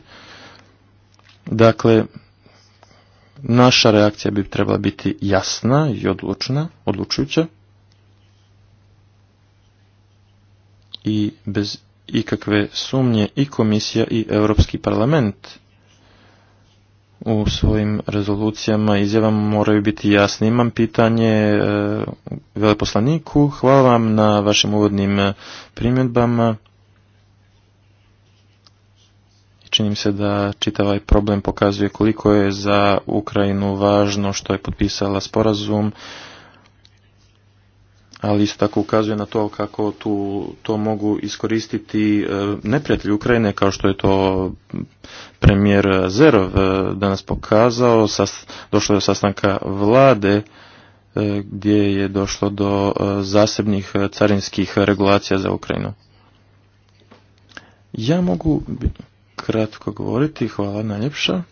dakle, naša reakcija bi trebala biti jasna i odlučna, odlučujuća i bez ikakve sumnje i komisija i Europski parlament u svojim rezolucijama i izjavama moraju biti jasni. Imam pitanje e, veleposlaniku. Hvala vam na vašim uvodnim e, primjedbama. Čini se da čitavaj ovaj problem pokazuje koliko je za Ukrajinu važno što je potpisala sporazum ali isto tako ukazuje na to kako tu, to mogu iskoristiti e, neprijatelji Ukrajine kao što je to premijer Zerov e, danas pokazao, došlo je do sastanka vlade e, gdje je došlo do zasebnih carinskih regulacija za Ukrajinu. Ja mogu kratko govoriti, hvala najljepša.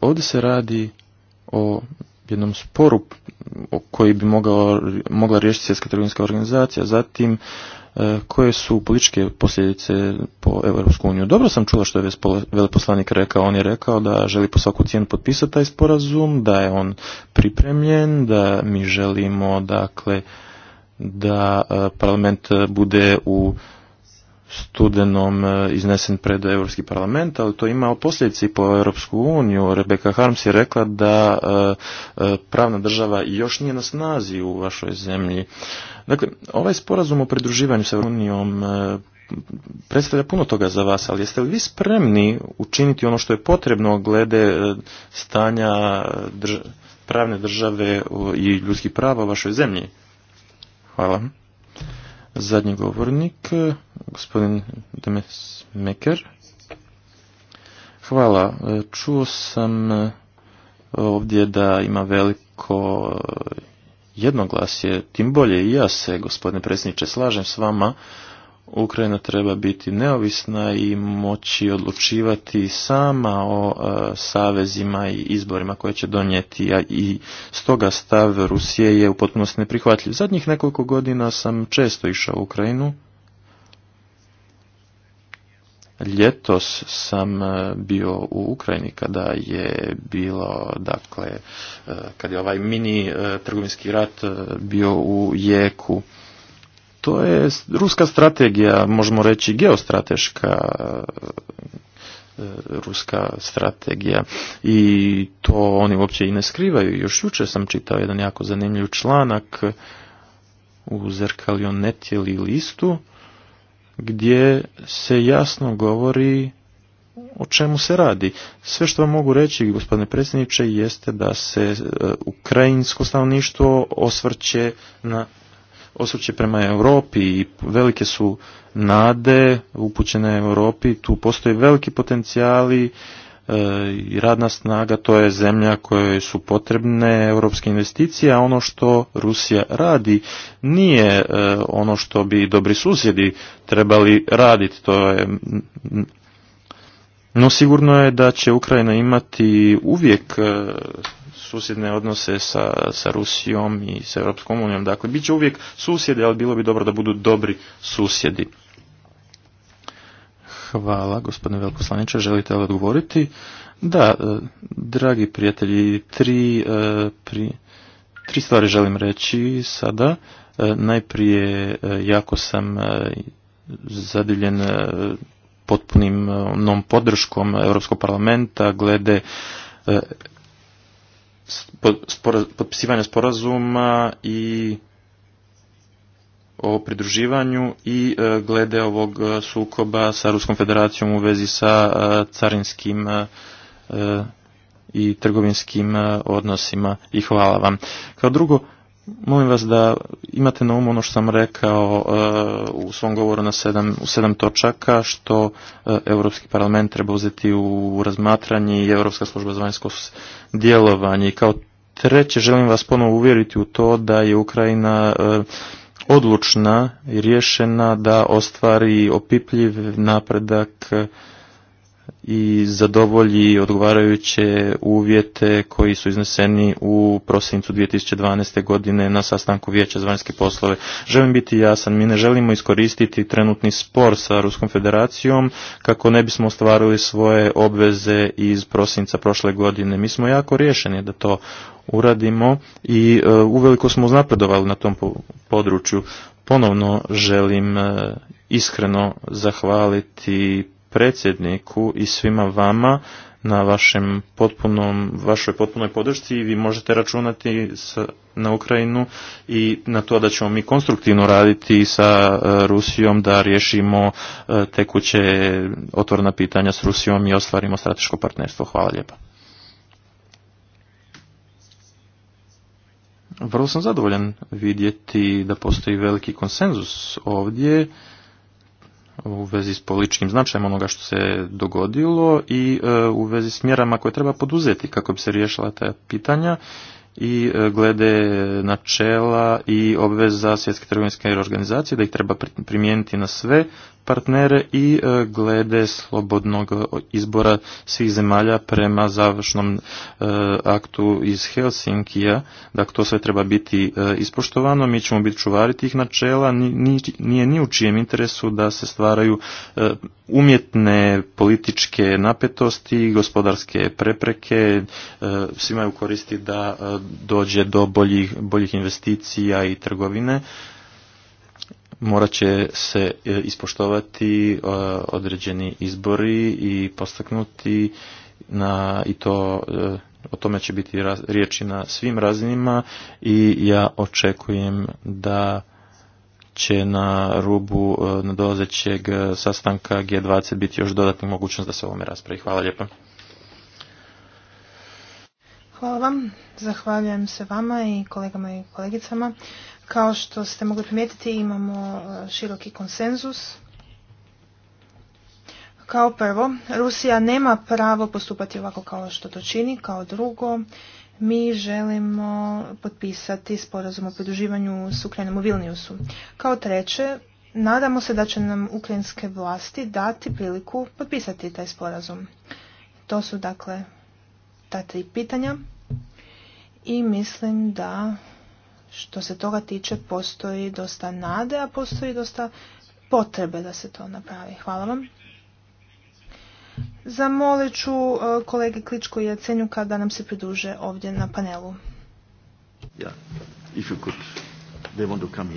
Ovdje se radi o jednom sporu o koji bi mogao, mogla riješiti svjetska trgovinska organizacija, zatim e, koje su političke posljedice po Europsku uniju. Dobro sam čula što je veleposlanik rekao. On je rekao da želi po svaku cijenu potpisati taj sporazum, da je on pripremljen, da mi želimo dakle da e, parlament bude u studenom e, iznesen pred Europski parlament, ali to ima posljedice po Europsku uniju. Rebecca Harms je rekla da e, e, pravna država još nije na snazi u vašoj zemlji. Dakle, ovaj sporazum o pridruživanju sa unijom predstavlja puno toga za vas, ali jeste li vi spremni učiniti ono što je potrebno glede stanja pravne države i ljudskih prava u vašoj zemlji? Hvala. Zadnji govornik, gospodin Demes Meker. Hvala. Čuo sam ovdje da ima veliko jednoglasje, tim bolje i ja se, gospodine predsjedniče, slažem s vama Ukrajina treba biti neovisna i moći odlučivati sama o e, savezima i izborima koje će donijeti a i stoga stav Rusije je u potpunosti neprihvatljiv. Zadnjih nekoliko godina sam često išao u Ukrajinu. Ljetos sam e, bio u Ukrajini kada je bilo, dakle, e, kad je ovaj mini trgovinski rat bio u jeku to je ruska strategija, možemo reći geostrateška e, ruska strategija i to oni uopće i ne skrivaju. Još jučer sam čitao jedan jako zanimljiv članak u Netjeli listu gdje se jasno govori o čemu se radi. Sve što vam mogu reći, gospodine predsjedniče, jeste da se e, ukrajinsko stanovništvo osvrće na osvrće prema Europi i velike su nade upućene Europi, tu postoje veliki potencijali e, i radna snaga, to je zemlja kojoj su potrebne europske investicije, a ono što Rusija radi nije e, ono što bi dobri susjedi trebali raditi, to je no sigurno je da će Ukrajina imati uvijek e, susjedne odnose sa, sa Rusijom i sa Europskom unijom. Dakle, bit će uvijek susjedi, ali bilo bi dobro da budu dobri susjedi. Hvala, gospodine veliposlaniče. Želite li odgovoriti? Da, e, dragi prijatelji, tri, e, pri, tri stvari želim reći sada. E, najprije, jako sam zadivljen potpunim podrškom Europskog parlamenta glede potpisivanja sporazuma i o pridruživanju i e, glede ovog e, sukoba sa Ruskom federacijom u vezi sa e, carinskim i trgovinskim odnosima i hvala vam. Kao drugo, molim vas da imate na umu ono što sam rekao e, u svom govoru na sedam, u sedam točaka što e, Europski parlament treba uzeti u razmatranje i Europska služba za vanjsko djelovanje. I kao treće želim vas ponovo uvjeriti u to da je Ukrajina e, odlučna i rješena da ostvari opipljiv napredak i zadovolji odgovarajuće uvjete koji su izneseni u prosincu 2012. godine na sastanku Vijeća za vanjske poslove. Želim biti jasan, mi ne želimo iskoristiti trenutni spor sa Ruskom federacijom kako ne bismo ostvarili svoje obveze iz prosinca prošle godine. Mi smo jako riješeni da to uradimo i e, uveliko smo uznapredovali na tom području. Ponovno želim e, iskreno zahvaliti predsjedniku i svima vama na vašem potpunom, vašoj potpunoj podršci i vi možete računati na Ukrajinu i na to da ćemo mi konstruktivno raditi sa e, Rusijom da riješimo e, tekuće otvorna pitanja s Rusijom i ostvarimo strateško partnerstvo. Hvala lijepa. Vrlo sam zadovoljan vidjeti da postoji veliki konsenzus ovdje u vezi s političkim značajem onoga što se dogodilo i e, u vezi s mjerama koje treba poduzeti kako bi se riješila ta pitanja i e, glede načela i obveza svjetske trgovinske organizacije da ih treba primijeniti na sve partnere i e, glede slobodnog izbora svih zemalja prema završnom e, aktu iz Helsinkija. da dakle, to sve treba biti ispoštovano. Mi ćemo biti čuvari tih načela. Nije ni u čijem interesu da se stvaraju umjetne političke napetosti, gospodarske prepreke. Svima je u koristi da dođe do boljih, boljih investicija i trgovine, morat će se e, ispoštovati e, određeni izbori i postaknuti na, i to e, o tome će biti riječi na svim razinima i ja očekujem da će na rubu nadolazećeg sastanka G20 biti još dodatna mogućnost da se o ovome raspravi. Hvala lijepa. Hvala vam. Zahvaljujem se vama i kolegama i kolegicama. Kao što ste mogli primijetiti imamo e, široki konsenzus. Kao prvo, Rusija nema pravo postupati ovako kao što to čini. Kao drugo, mi želimo potpisati sporazum o pridruživanju s Ukrajinom u Vilniusu. Kao treće, nadamo se da će nam ukrajinske vlasti dati priliku potpisati taj sporazum. To su dakle ta tri pitanja i mislim da što se toga tiče postoji dosta nade, a postoji dosta potrebe da se to napravi. Hvala vam. Zamolit ću e, kolege Kličko i Jacenjuka da nam se pridruže ovdje na panelu. Ja, if you could, to come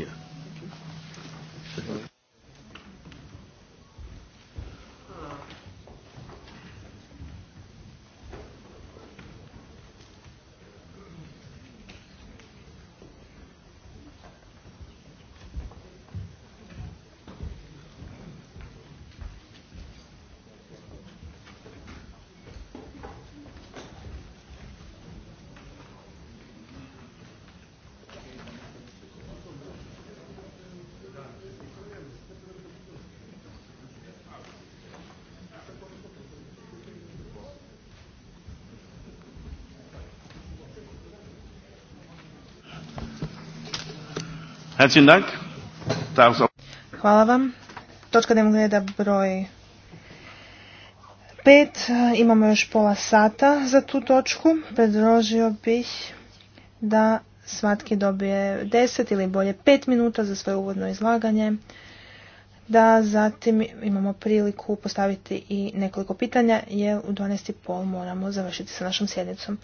Hvala vam. Točka dnevnog reda broj pet Imamo još pola sata za tu točku. Predložio bih da svatki dobije deset ili bolje pet minuta za svoje uvodno izlaganje. Da zatim imamo priliku postaviti i nekoliko pitanja jer u 12.30 moramo završiti sa našom sjednicom.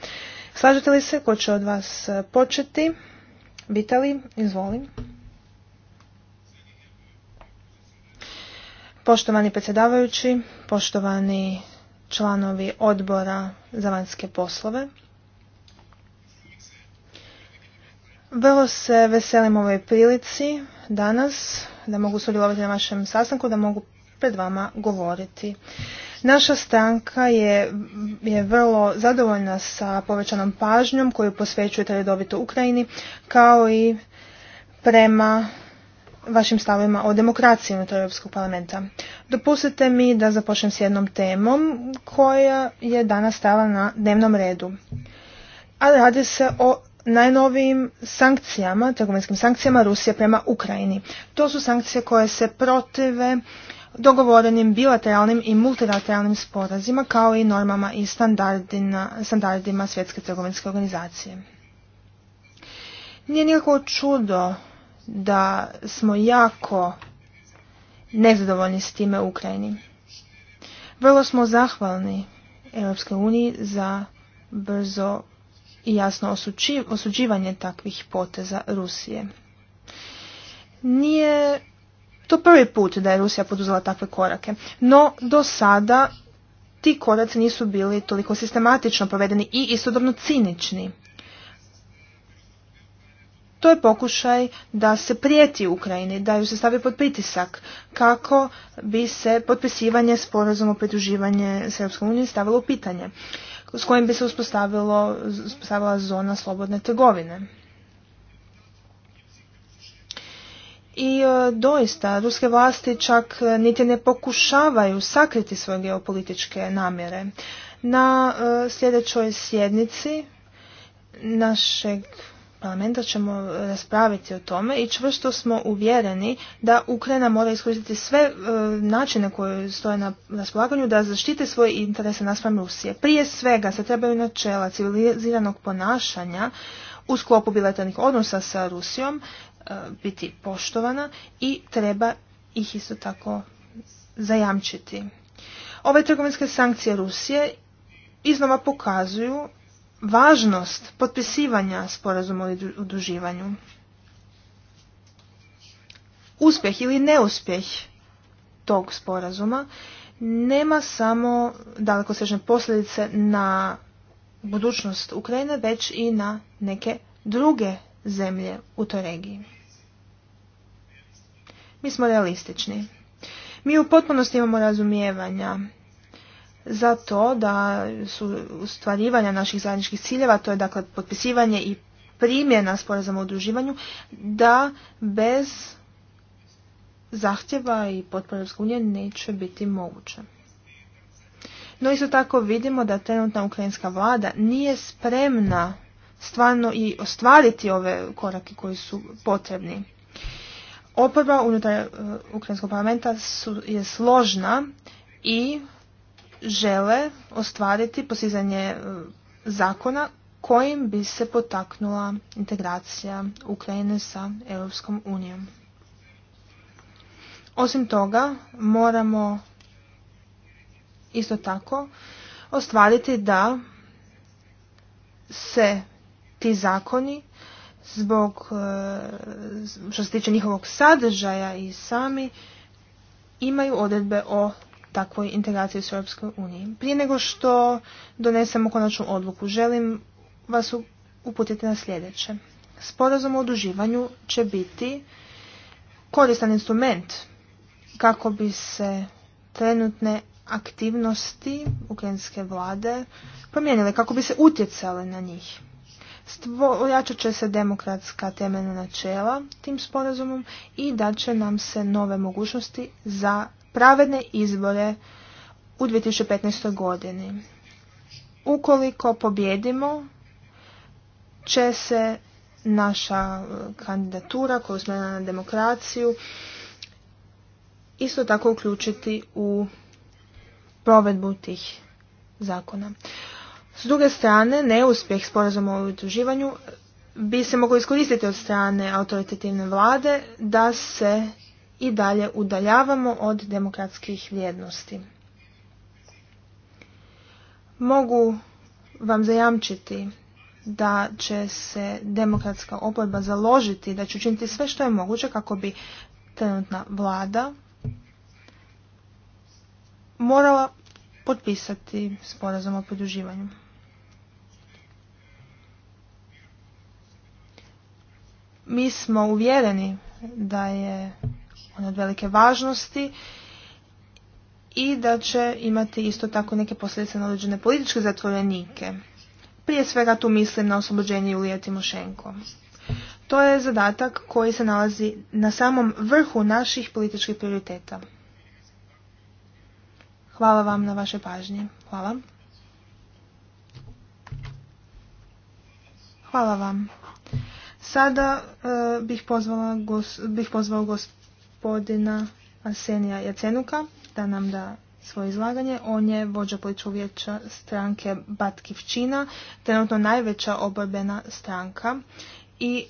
Slažete li se ko će od vas početi? Vitali, izvolim. Poštovani predsjedavajući, poštovani članovi odbora za vanjske poslove, vrlo se veselim ovoj prilici danas da mogu sudjelovati na vašem sastanku, da mogu pred vama govoriti. Naša stranka je, je vrlo zadovoljna sa povećanom pažnjom koju posvećujete redovito Ukrajini, kao i prema vašim stavima o demokraciji unutar Europskog parlamenta. Dopustite mi da započnem s jednom temom koja je danas stala na dnevnom redu. A radi se o najnovijim sankcijama, trgovinskim sankcijama Rusije prema Ukrajini. To su sankcije koje se protive dogovorenim bilateralnim i multilateralnim sporazima kao i normama i standardima, standardima Svjetske trgovinske organizacije. Nije nikako čudo da smo jako nezadovoljni s time u Ukrajini. Vrlo smo zahvalni Europske uniji za brzo i jasno osuđivanje takvih poteza Rusije. Nije to prvi put da je Rusija poduzela takve korake, no do sada ti koraci nisu bili toliko sistematično provedeni i istodobno cinični. To je pokušaj da se prijeti Ukrajini, da ju se stavi pod pritisak kako bi se potpisivanje sporazuma o pridruživanje s EU stavilo u pitanje s kojim bi se uspostavila zona slobodne trgovine. I e, doista, ruske vlasti čak niti ne pokušavaju sakriti svoje geopolitičke namjere. Na e, sljedećoj sjednici našeg parlamenta ćemo e, raspraviti o tome i čvrsto smo uvjereni da Ukrajina mora iskoristiti sve e, načine koje stoje na raspolaganju da zaštite svoje interese naspram Rusije. Prije svega se trebaju načela civiliziranog ponašanja u sklopu bilateralnih odnosa sa Rusijom e, biti poštovana i treba ih isto tako zajamčiti. Ove trgovinske sankcije Rusije iznova pokazuju važnost potpisivanja sporazuma o uduživanju, Uspjeh ili neuspjeh tog sporazuma nema samo srežne posljedice na budućnost Ukrajine, već i na neke druge zemlje u toj regiji. Mi smo realistični. Mi u potpunosti imamo razumijevanja za to da su ustvarivanja naših zajedničkih ciljeva, to je dakle potpisivanje i primjena sporazuma o udruživanju, da bez zahtjeva i potpore unije neće biti moguće. No isto tako vidimo da trenutna ukrajinska vlada nije spremna stvarno i ostvariti ove korake koji su potrebni. Oporba unutar eh, ukrajinskog parlamenta je složna i žele ostvariti posizanje e, zakona kojim bi se potaknula integracija Ukrajine sa Europskom unijom. Osim toga, moramo isto tako ostvariti da se ti zakoni zbog e, što se tiče njihovog sadržaja i sami imaju odredbe o takvoj integraciji s Europskoj uniji. Prije nego što donesemo konačnu odluku, želim vas uputiti na sljedeće. Sporazum o oduživanju će biti koristan instrument kako bi se trenutne aktivnosti ukrajinske vlade promijenile, kako bi se utjecale na njih. Ojačat će se demokratska temeljna načela tim sporazumom i dat će nam se nove mogućnosti za pravedne izbore u 2015. godini. Ukoliko pobjedimo, će se naša e, kandidatura koja je usmjerena na demokraciju isto tako uključiti u provedbu tih zakona. S druge strane, neuspjeh sporazuma o udruživanju bi se mogao iskoristiti od strane autoritativne vlade da se i dalje udaljavamo od demokratskih vrijednosti. Mogu vam zajamčiti da će se demokratska oporba založiti, da će učiniti sve što je moguće kako bi trenutna vlada morala potpisati sporazum o pridruživanju. Mi smo uvjereni da je on od velike važnosti i da će imati isto tako neke posljedice na određene političke zatvorenike. Prije svega tu mislim na oslobođenje Julije Timošenko. To je zadatak koji se nalazi na samom vrhu naših političkih prioriteta. Hvala vam na vaše pažnje. Hvala. Hvala vam. Sada eh, bih pozvala pozvao gospodina Arsenija Jacenuka da nam da svoje izlaganje. On je vođa političkog vijeća stranke Batkivčina, trenutno najveća oborbena stranka i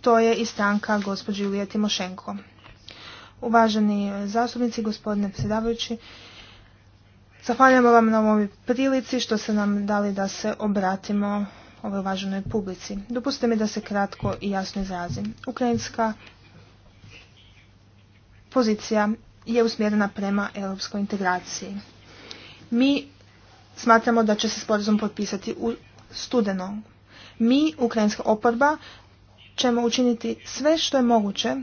to je i stranka gospođe Julije Timošenko. Uvaženi zastupnici, gospodine predsjedavajući, zahvaljujemo vam na ovoj prilici što ste nam dali da se obratimo ovoj važnoj publici. Dopustite mi da se kratko i jasno izrazim. Ukrajinska pozicija je usmjerena prema europskoj integraciji. Mi smatramo da će se sporazum potpisati u studenom. Mi, ukrajinska oporba, ćemo učiniti sve što je moguće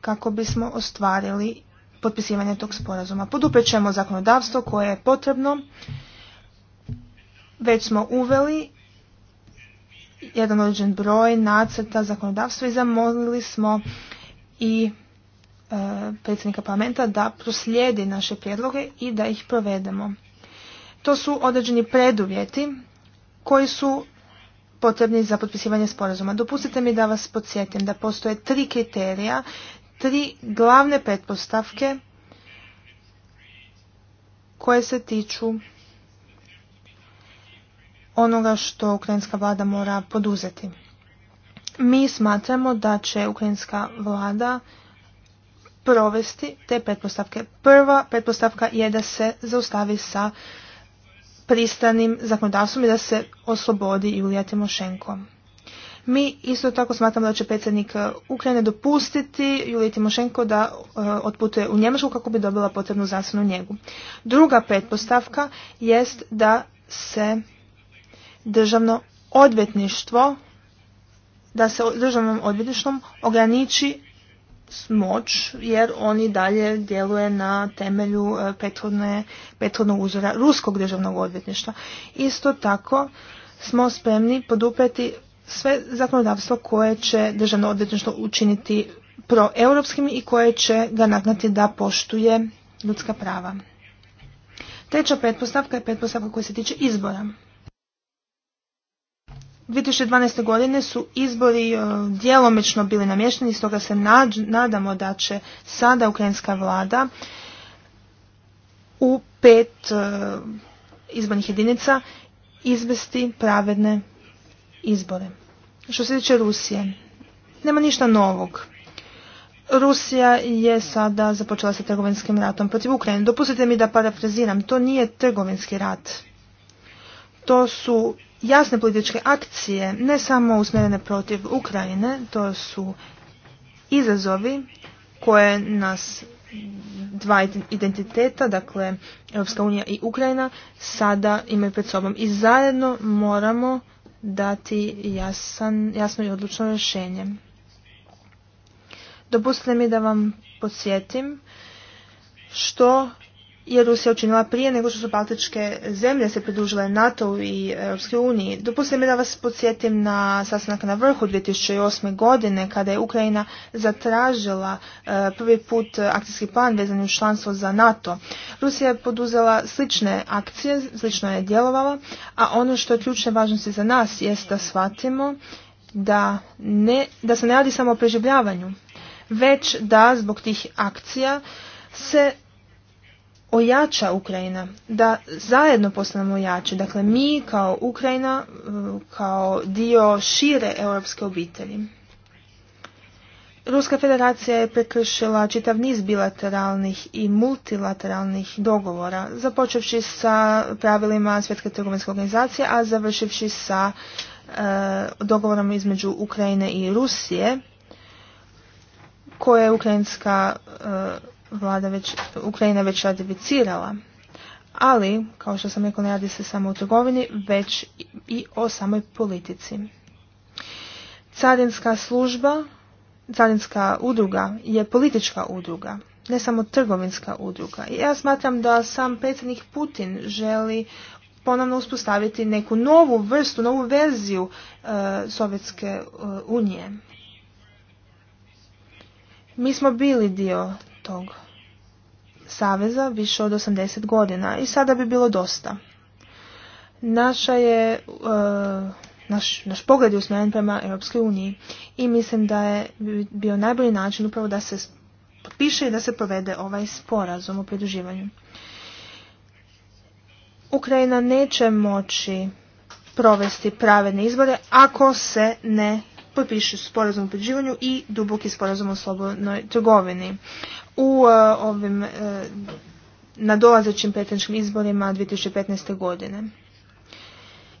kako bismo ostvarili potpisivanje tog sporazuma. Podupet ćemo zakonodavstvo koje je potrebno. Već smo uveli jedan određen broj nacrta zakonodavstva i zamolili smo i E, predsjednika parlamenta da proslijedi naše prijedloge i da ih provedemo. To su određeni preduvjeti koji su potrebni za potpisivanje sporazuma. Dopustite mi da vas podsjetim da postoje tri kriterija, tri glavne pretpostavke koje se tiču onoga što ukrajinska vlada mora poduzeti. Mi smatramo da će ukrajinska vlada provesti te pretpostavke. Prva pretpostavka je da se zaustavi sa pristanim zakonodavstvom i da se oslobodi Julija Timošenko. Mi isto tako smatramo da će predsjednik e, Ukrajine dopustiti Juliji Timošenko da e, otputuje u Njemačku kako bi dobila potrebnu zdravstvenu njegu. Druga pretpostavka jest da se državno odvjetništvo da se državnom odvjetništvom ograniči moć jer on i dalje djeluje na temelju e, prethodnog uzora ruskog državnog odvjetništva. Isto tako smo spremni poduprijeti sve zakonodavstvo koje će državno odvjetništvo učiniti proeuropskim i koje će ga nagnati da poštuje ljudska prava. Treća pretpostavka je pretpostavka koja se tiče izbora. 2012. godine su izbori e, djelomično bili namješteni, stoga se nadamo da će sada ukrajinska vlada u pet e, izbornih jedinica izvesti pravedne izbore. Što se tiče Rusije, nema ništa novog. Rusija je sada započela sa trgovinskim ratom protiv Ukrajine. Dopustite mi da parafraziram, to nije trgovinski rat. To su jasne političke akcije, ne samo usmjerene protiv Ukrajine, to su izazovi koje nas dva identiteta, dakle Europska unija i Ukrajina, sada imaju pred sobom. I zajedno moramo dati jasan, jasno i odlučno rješenje. Dopustite mi da vam podsjetim što je Rusija učinila prije nego što su Baltičke zemlje se pridružile nato i Europske uniji. Dopustite mi da vas podsjetim na sastanak na vrhu 2008. godine kada je Ukrajina zatražila e, prvi put akcijski plan vezan uz članstvo za NATO. Rusija je poduzela slične akcije, slično je djelovala, a ono što je ključne važnosti za nas jest da shvatimo da, ne, da se ne radi samo o preživljavanju, već da zbog tih akcija se ojača Ukrajina, da zajedno postanemo jači. Dakle, mi kao Ukrajina, e, kao dio šire europske obitelji. Ruska federacija je prekršila čitav niz bilateralnih i multilateralnih dogovora, započevši sa pravilima Svjetske trgovinske organizacije, a završivši sa e, dogovorom između Ukrajine i Rusije, koje je ukrajinska e, vlada već, Ukrajina već ratificirala. Ali, kao što sam rekao, ne radi se samo o trgovini, već i o samoj politici. Carinska služba, carinska udruga je politička udruga, ne samo trgovinska udruga. ja smatram da sam predsjednik Putin želi ponovno uspostaviti neku novu vrstu, novu verziju e, Sovjetske e, unije. Mi smo bili dio tog saveza više od 80 godina i sada bi bilo dosta. Naša je, e, naš, naš pogled je usmjeren prema Europskoj uniji i mislim da je bio najbolji način upravo da se potpiše i da se provede ovaj sporazum o pridruživanju. Ukrajina neće moći provesti pravedne izbore ako se ne potpiše sporazum o pridruživanju i duboki sporazum o slobodnoj trgovini u e, ovim e, nadolazećim petničkim izborima 2015. godine.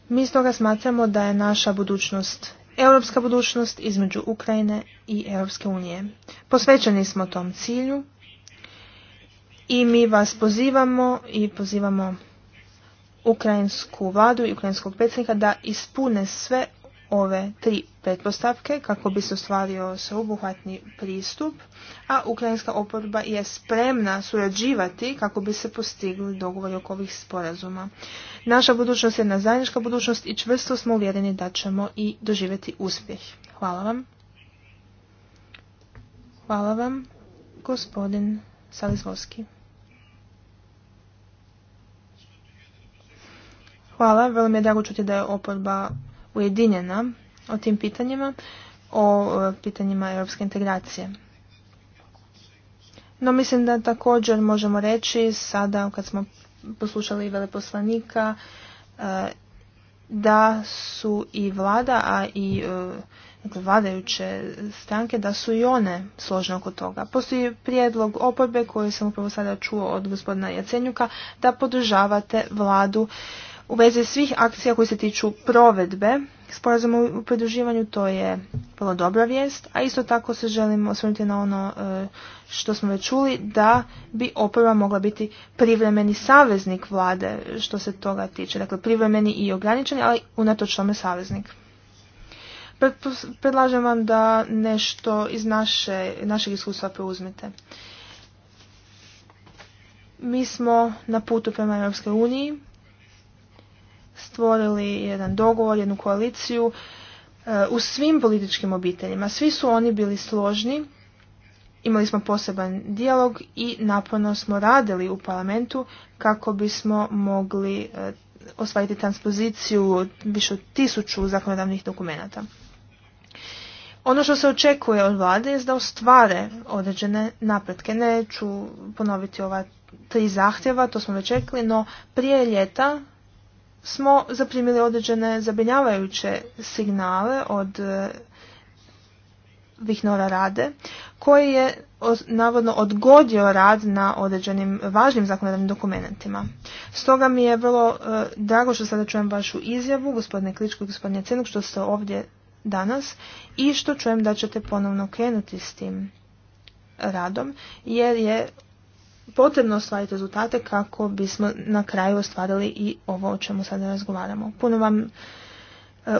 Mi stoga smatramo da je naša budućnost europska budućnost između Ukrajine i Europske unije. Posvećeni smo tom cilju i mi vas pozivamo i pozivamo ukrajinsku vladu i ukrajinskog predsjednika da ispune sve ove tri pretpostavke kako bi se ostvario sveobuhvatni pristup, a ukrajinska oporba je spremna surađivati kako bi se postigli dogovori oko ovih sporazuma. Naša budućnost je na zajednička budućnost i čvrsto smo uvjereni da ćemo i doživjeti uspjeh. Hvala vam. Hvala vam, gospodin Salizvoski. Hvala, vrlo mi je drago čuti da je oporba ujedinjena o tim pitanjima, o pitanjima europske integracije. No mislim da također možemo reći sada kad smo poslušali veleposlanika e, da su i vlada, a i e, dakle, vladajuće stranke, da su i one složne oko toga. Postoji prijedlog oporbe koji sam upravo sada čuo od gospodina Jacenjuka da podržavate vladu u vezi svih akcija koje se tiču provedbe sporazuma u pridruživanju, to je vrlo dobra vijest, a isto tako se želim osvrnuti na ono e, što smo već čuli, da bi oporba mogla biti privremeni saveznik vlade što se toga tiče. Dakle, privremeni i ograničeni, ali unatoč tome saveznik. Predlažem vam da nešto iz naše, našeg iskustva preuzmete. Mi smo na putu prema Europskoj uniji, stvorili jedan dogovor, jednu koaliciju e, u svim političkim obiteljima. Svi su oni bili složni, imali smo poseban dijalog i naporno smo radili u parlamentu kako bismo mogli e, osvajati transpoziciju više od tisuću zakonodavnih dokumenata. Ono što se očekuje od vlade je da ostvare određene napretke. Neću ponoviti ova tri zahtjeva, to smo već rekli, no prije ljeta smo zaprimili određene zabrinjavajuće signale od e, Vihnora Rade, koji je navodno odgodio rad na određenim važnim zakonodavnim dokumentima. Stoga mi je vrlo e, drago što sada čujem vašu izjavu, gospodine Kličko i gospodine Cenuk, što ste ovdje danas i što čujem da ćete ponovno krenuti s tim radom, jer je potrebno ostvariti rezultate kako bismo na kraju ostvarili i ovo o čemu sada razgovaramo. Puno vam e,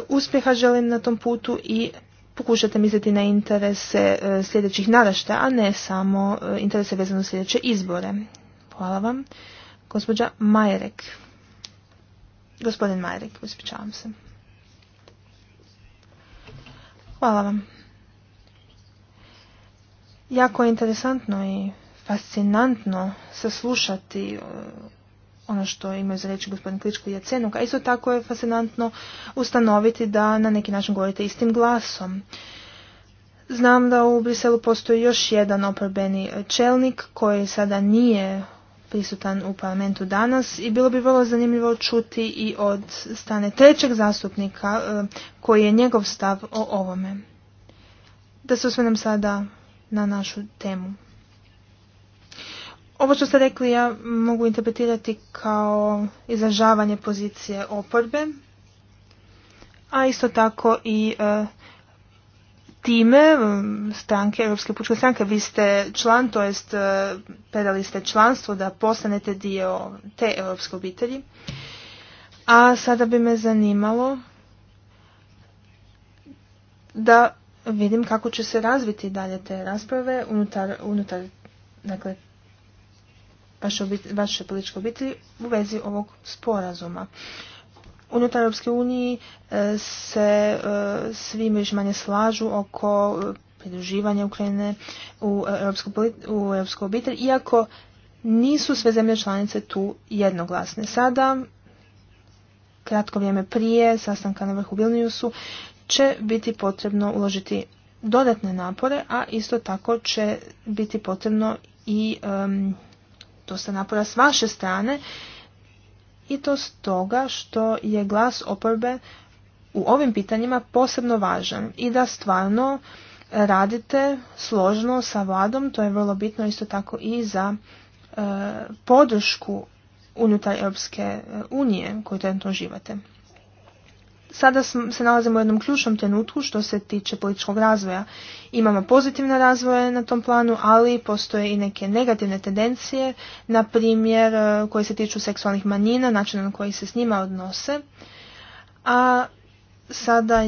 uspjeha želim na tom putu i pokušajte misliti na interese e, sljedećih naraštaja, a ne samo e, interese vezano uz sljedeće izbore. Hvala vam. Gospođa Majerek. Gospodin Majerek, uspječavam se. Hvala vam. Jako je interesantno i fascinantno saslušati e, ono što imaju za reći gospodin Kličko i Jacenuk, a isto tako je fascinantno ustanoviti da na neki način govorite istim glasom. Znam da u Briselu postoji još jedan oporbeni čelnik koji sada nije prisutan u parlamentu danas i bilo bi vrlo zanimljivo čuti i od strane trećeg zastupnika e, koji je njegov stav o ovome. Da se osvrnem sada na našu temu. Ovo što ste rekli ja mogu interpretirati kao izražavanje pozicije oporbe, a isto tako i e, time stranke, Europske pučke stranke, vi ste član, to jest e, predali ste članstvo da postanete dio te europske obitelji. A sada bi me zanimalo da vidim kako će se razviti dalje te rasprave unutar, unutar dakle, vaše, političke obitelji u vezi ovog sporazuma. Unutar Europske unije e, se e, svi više manje slažu oko pridruživanja Ukrajine e, u europsku, obitelj, iako nisu sve zemlje članice tu jednoglasne. Sada, kratko vrijeme prije sastanka na vrhu Vilniusu, će biti potrebno uložiti dodatne napore, a isto tako će biti potrebno i to se napora s vaše strane i to stoga što je glas oporbe u ovim pitanjima posebno važan i da stvarno radite složno sa vladom, to je vrlo bitno isto tako i za e, podršku unutar Europske e, unije koju trenutno živate. Sada se nalazimo u jednom ključnom trenutku što se tiče političkog razvoja. Imamo pozitivne razvoje na tom planu, ali postoje i neke negativne tendencije, na primjer e, koje se tiču seksualnih manjina, način na koji se s njima odnose. A sada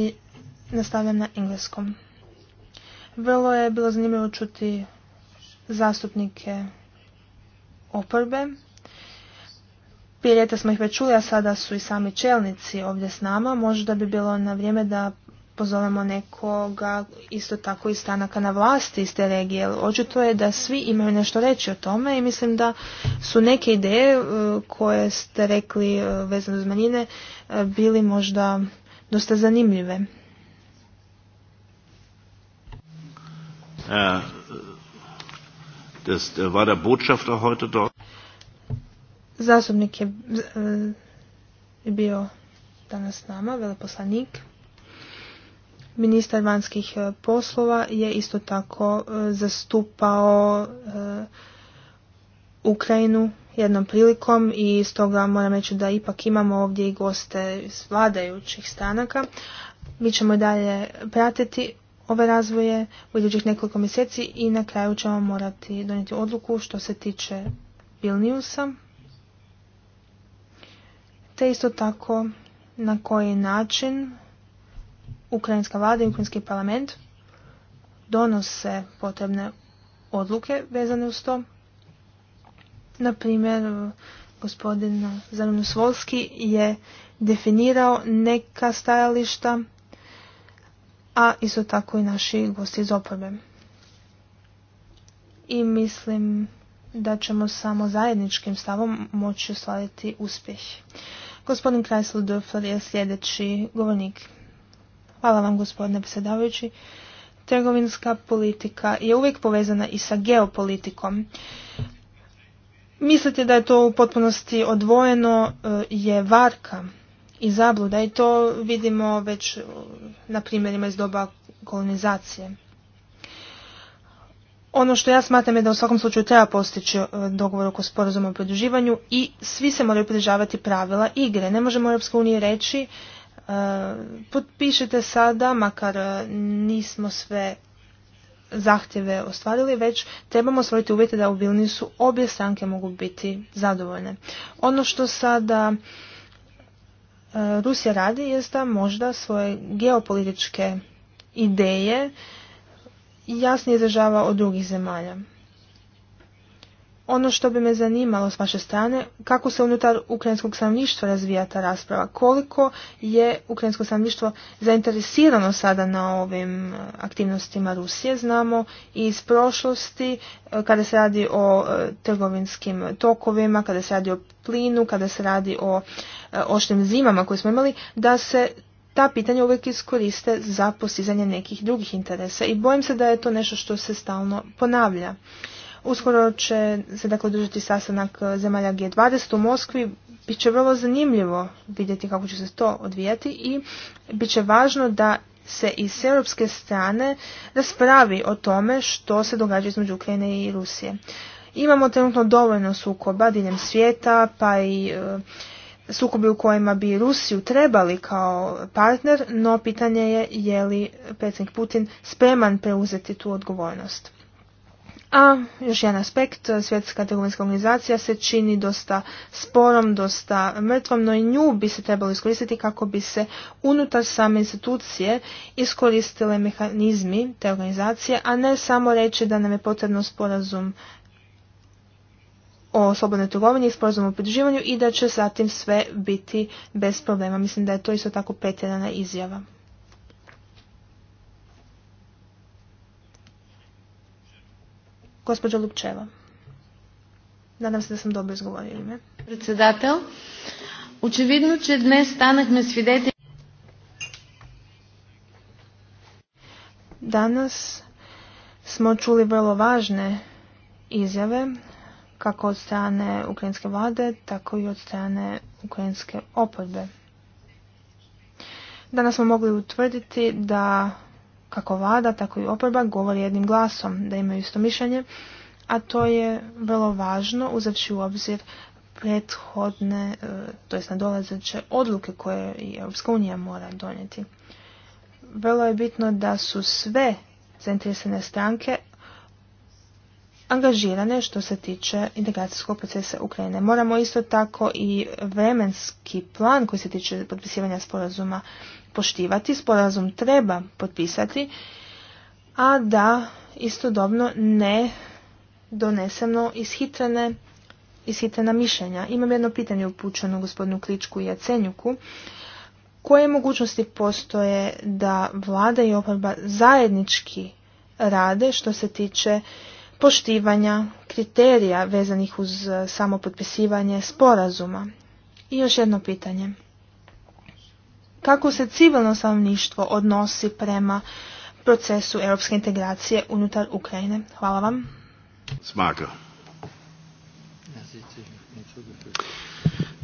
nastavljam na engleskom. Vrlo je bilo zanimljivo čuti zastupnike oporbe prije ljeta smo ih već čuli, a sada su i sami čelnici ovdje s nama. Možda bi bilo na vrijeme da pozovemo nekoga isto tako iz stanaka na vlasti iz te regije. Očito je da svi imaju nešto reći o tome i mislim da su neke ideje e, koje ste rekli e, vezano uz manjine e, bili možda dosta zanimljive. Uh, das äh, war der Botschafter heute Zastupnik e, je bio danas s nama, veleposlanik. Ministar vanjskih e, poslova je isto tako e, zastupao Ukrajinu jednom prilikom i stoga moram reći da ipak imamo ovdje i goste iz vladajućih stranaka. Mi ćemo dalje pratiti ove razvoje u idućih nekoliko mjeseci i na kraju ćemo morati donijeti odluku što se tiče Vilniusa te isto tako na koji način ukrajinska vlada i ukrajinski parlament donose potrebne odluke vezane uz to. Na primjer, gospodin Zanimlju Svolski je definirao neka stajališta, a isto tako i naši gosti iz oporbe. I mislim da ćemo samo zajedničkim stavom moći ostvariti uspjeh. Gospodin Kreisler je sljedeći govornik. Hvala vam gospodine predsjedavajući. Trgovinska politika je uvijek povezana i sa geopolitikom. Mislite da je to u potpunosti odvojeno e, je varka i zabluda i to vidimo već na primjerima iz doba kolonizacije. Ono što ja smatram je da u svakom slučaju treba postići e, dogovor oko sporazuma o pridruživanju i svi se moraju pridržavati pravila igre. Ne možemo Europskoj uniji reći e, potpišite sada, makar e, nismo sve zahtjeve ostvarili, već trebamo stvoriti uvjete da u Vilnisu obje stranke mogu biti zadovoljne. Ono što sada Rusija radi je da možda svoje geopolitičke ideje jasnije izražava od drugih zemalja. Ono što bi me zanimalo s vaše strane, kako se unutar ukrajinskog stanovništva razvija ta rasprava, koliko je ukrajinsko stanovništvo zainteresirano sada na ovim eh, aktivnostima Rusije, znamo iz prošlosti, eh, kada se radi o eh, trgovinskim tokovima, kada se radi o plinu, kada se radi o oštrim zimama koje smo imali, da se ta pitanja uvijek iskoriste za postizanje nekih drugih interesa i bojim se da je to nešto što se stalno ponavlja. Uskoro će se dakle održati sastanak e, zemalja G20 u Moskvi. Biće vrlo zanimljivo vidjeti kako će se to odvijati i bit će važno da se i s europske strane raspravi o tome što se događa između Ukrajine i Rusije. Imamo trenutno dovoljno sukoba diljem svijeta, pa i e, sukobi u kojima bi Rusiju trebali kao partner, no pitanje je je li predsjednik Putin spreman preuzeti tu odgovornost. A još jedan aspekt, svjetska trgovinska organizacija se čini dosta sporom, dosta mrtvom, no i nju bi se trebalo iskoristiti kako bi se unutar same institucije iskoristile mehanizmi te organizacije, a ne samo reći da nam je potrebno sporazum o slobodnoj trgovini i sporazumu o pridruživanju i da će zatim sve biti bez problema. Mislim da je to isto tako petjedana izjava. Gospođa Lupčeva. Nadam se da sam dobro izgovorila ime. Danas smo čuli vrlo važne izjave kako od strane ukrajinske vlade, tako i od strane ukrajinske oporbe. Danas smo mogli utvrditi da kako vlada, tako i oporba govori jednim glasom, da imaju isto mišljenje, a to je vrlo važno uzevši u obzir prethodne, e, to jest nadolazeće odluke koje i Europska unija mora donijeti. Vrlo je bitno da su sve zainteresirane stranke angažirane što se tiče integracijskog procesa Ukrajine. Moramo isto tako i vremenski plan koji se tiče potpisivanja sporazuma poštivati. Sporazum treba potpisati, a da istodobno ne donesemo ishitrene ishitrena mišljenja. Imam jedno pitanje upućeno gospodinu Kličku i Jacenjuku. Koje mogućnosti postoje da vlada i oporba zajednički rade što se tiče poštivanja kriterija vezanih uz e, samopotpisivanje, sporazuma. I još jedno pitanje. Kako se civilno stanovništvo odnosi prema procesu europske integracije unutar Ukrajine? Hvala vam. Smaka.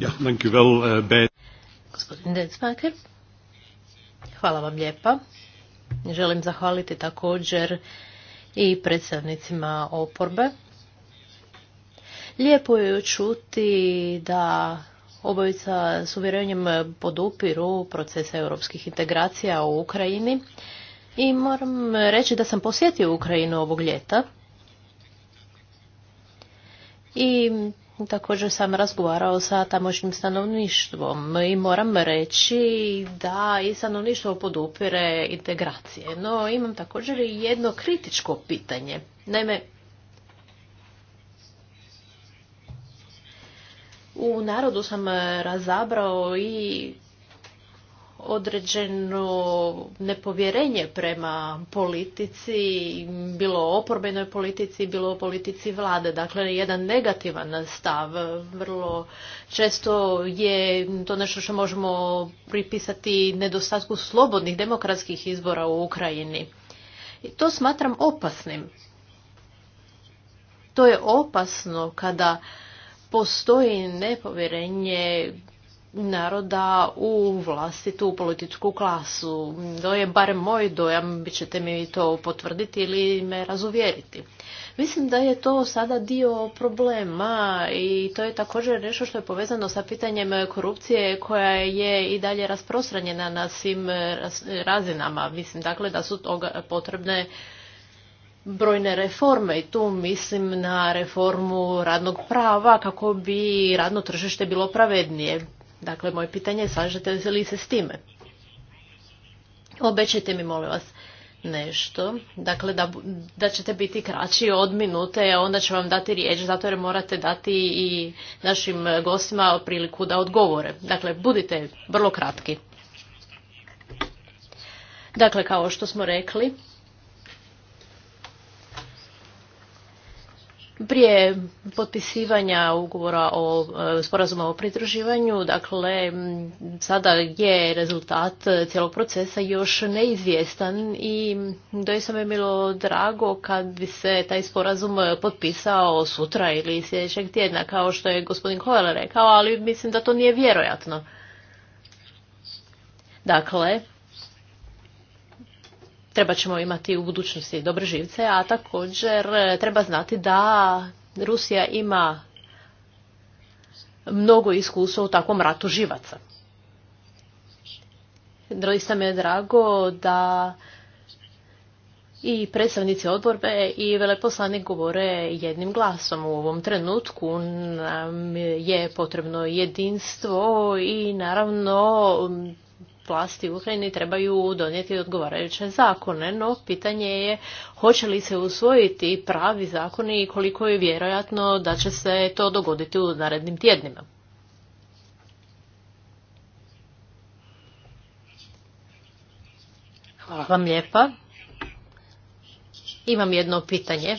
Uh, Gospodin hvala vam lijepa. Želim zahvaliti također i predstavnicima oporbe. Lijepo je čuti da obojica s uvjerenjem podupiru procesa europskih integracija u Ukrajini i moram reći da sam posjetio Ukrajinu ovog ljeta i Također sam razgovarao sa tamošnjim stanovništvom i moram reći da i stanovništvo podupire integracije. No imam također i jedno kritičko pitanje. Naime, u narodu sam razabrao i određeno nepovjerenje prema politici, bilo oporbenoj politici, bilo politici vlade. Dakle, jedan negativan stav. Vrlo često je to nešto što možemo pripisati nedostatku slobodnih demokratskih izbora u Ukrajini. I to smatram opasnim. To je opasno kada postoji nepovjerenje naroda u vlastitu političku klasu. To je barem moj dojam, bit ćete mi to potvrditi ili me razuvjeriti. Mislim da je to sada dio problema i to je također nešto što je povezano sa pitanjem korupcije koja je i dalje rasprostranjena na svim razinama. Mislim dakle da su toga potrebne brojne reforme i tu mislim na reformu radnog prava kako bi radno tržište bilo pravednije. Dakle, moje pitanje je slažete li se s time? Obećajte mi, molim vas, nešto. Dakle, da, da ćete biti kraći od minute, onda ću vam dati riječ, zato jer morate dati i našim gostima priliku da odgovore. Dakle, budite vrlo kratki. Dakle, kao što smo rekli, Prije potpisivanja ugovora o e, sporazuma o pridruživanju, dakle, sada je rezultat cijelog procesa još neizvjestan i doista je bilo drago kad bi se taj sporazum potpisao sutra ili sljedećeg tjedna, kao što je gospodin Kovala rekao, ali mislim da to nije vjerojatno. Dakle, treba ćemo imati u budućnosti dobre živce, a također e, treba znati da Rusija ima mnogo iskustva u takvom ratu živaca. Doista mi je drago da i predstavnici odborbe i veleposlanik govore jednim glasom. U ovom trenutku nam je potrebno jedinstvo i naravno vlasti u Ukrajini trebaju donijeti odgovarajuće zakone, no pitanje je hoće li se usvojiti pravi zakoni i koliko je vjerojatno da će se to dogoditi u narednim tjednima. Hvala vam lijepa. Imam jedno pitanje.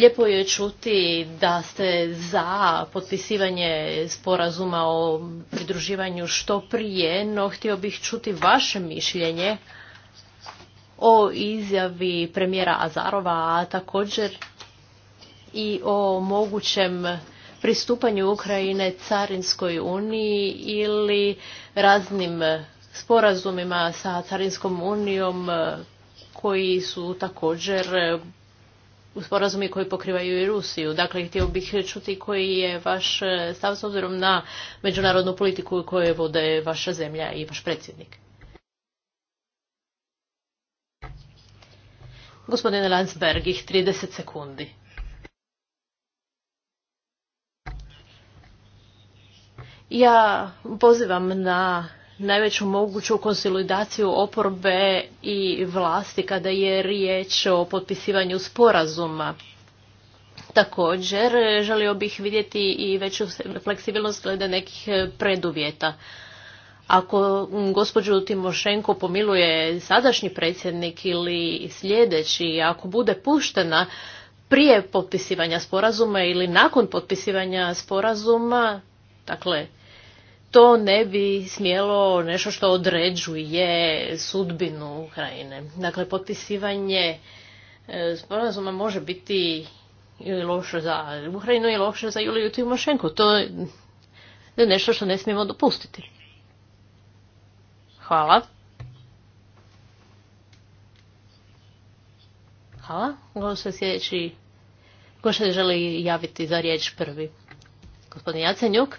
Lijepo je čuti da ste za potpisivanje sporazuma o pridruživanju što prije, no htio bih čuti vaše mišljenje o izjavi premijera Azarova, a također i o mogućem pristupanju Ukrajine Carinskoj uniji ili raznim sporazumima sa Carinskom unijom koji su također u sporazumi koji pokrivaju i Rusiju. Dakle, htio bih čuti koji je vaš stav s obzirom na međunarodnu politiku koju vode vaša zemlja i vaš predsjednik. Gospodine Landsberg, ih 30 sekundi. Ja pozivam na najveću moguću konsolidaciju oporbe i vlasti kada je riječ o potpisivanju sporazuma. Također, želio bih vidjeti i veću fleksibilnost glede nekih preduvjeta. Ako gospođu Timošenko pomiluje sadašnji predsjednik ili sljedeći, ako bude puštena prije potpisivanja sporazuma ili nakon potpisivanja sporazuma, dakle to ne bi smjelo nešto što određuje sudbinu Ukrajine. Dakle, potpisivanje e, sporazuma može biti ili loše za Ukrajinu i loše za Juliju Timošenko. To je nešto što ne smijemo dopustiti. Hvala. Hvala. Ovo se Ko se želi javiti za riječ prvi? Gospodin Jacenjuk.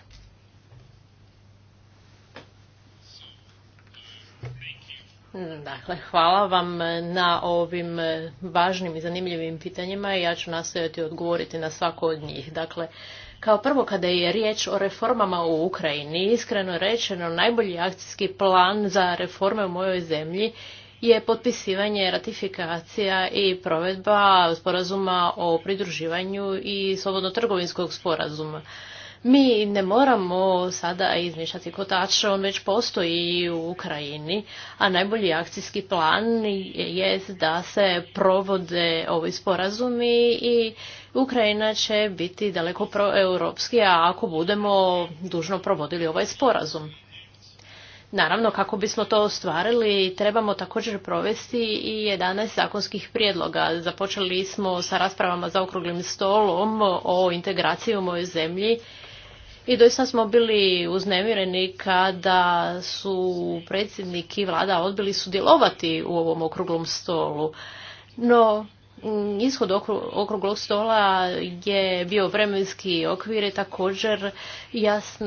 Dakle, hvala vam na ovim važnim i zanimljivim pitanjima i ja ću nastojati odgovoriti na svako od njih. Dakle, kao prvo kada je riječ o reformama u Ukrajini, iskreno rečeno najbolji akcijski plan za reforme u mojoj zemlji je potpisivanje, ratifikacija i provedba sporazuma o pridruživanju i slobodno trgovinskog sporazuma. Mi ne moramo sada izmišljati kotač, on već postoji i u Ukrajini, a najbolji akcijski plan je da se provode ovi sporazumi i Ukrajina će biti daleko proeuropski, ako budemo dužno provodili ovaj sporazum. Naravno, kako bismo to ostvarili, trebamo također provesti i 11 zakonskih prijedloga. Započeli smo sa raspravama za okruglim stolom o integraciji u mojoj zemlji i doista smo bili uznemireni kada su predsjednik i vlada odbili sudjelovati u ovom okruglom stolu. No, mm, ishod okruglog stola je bio vremenski okvir i također jasn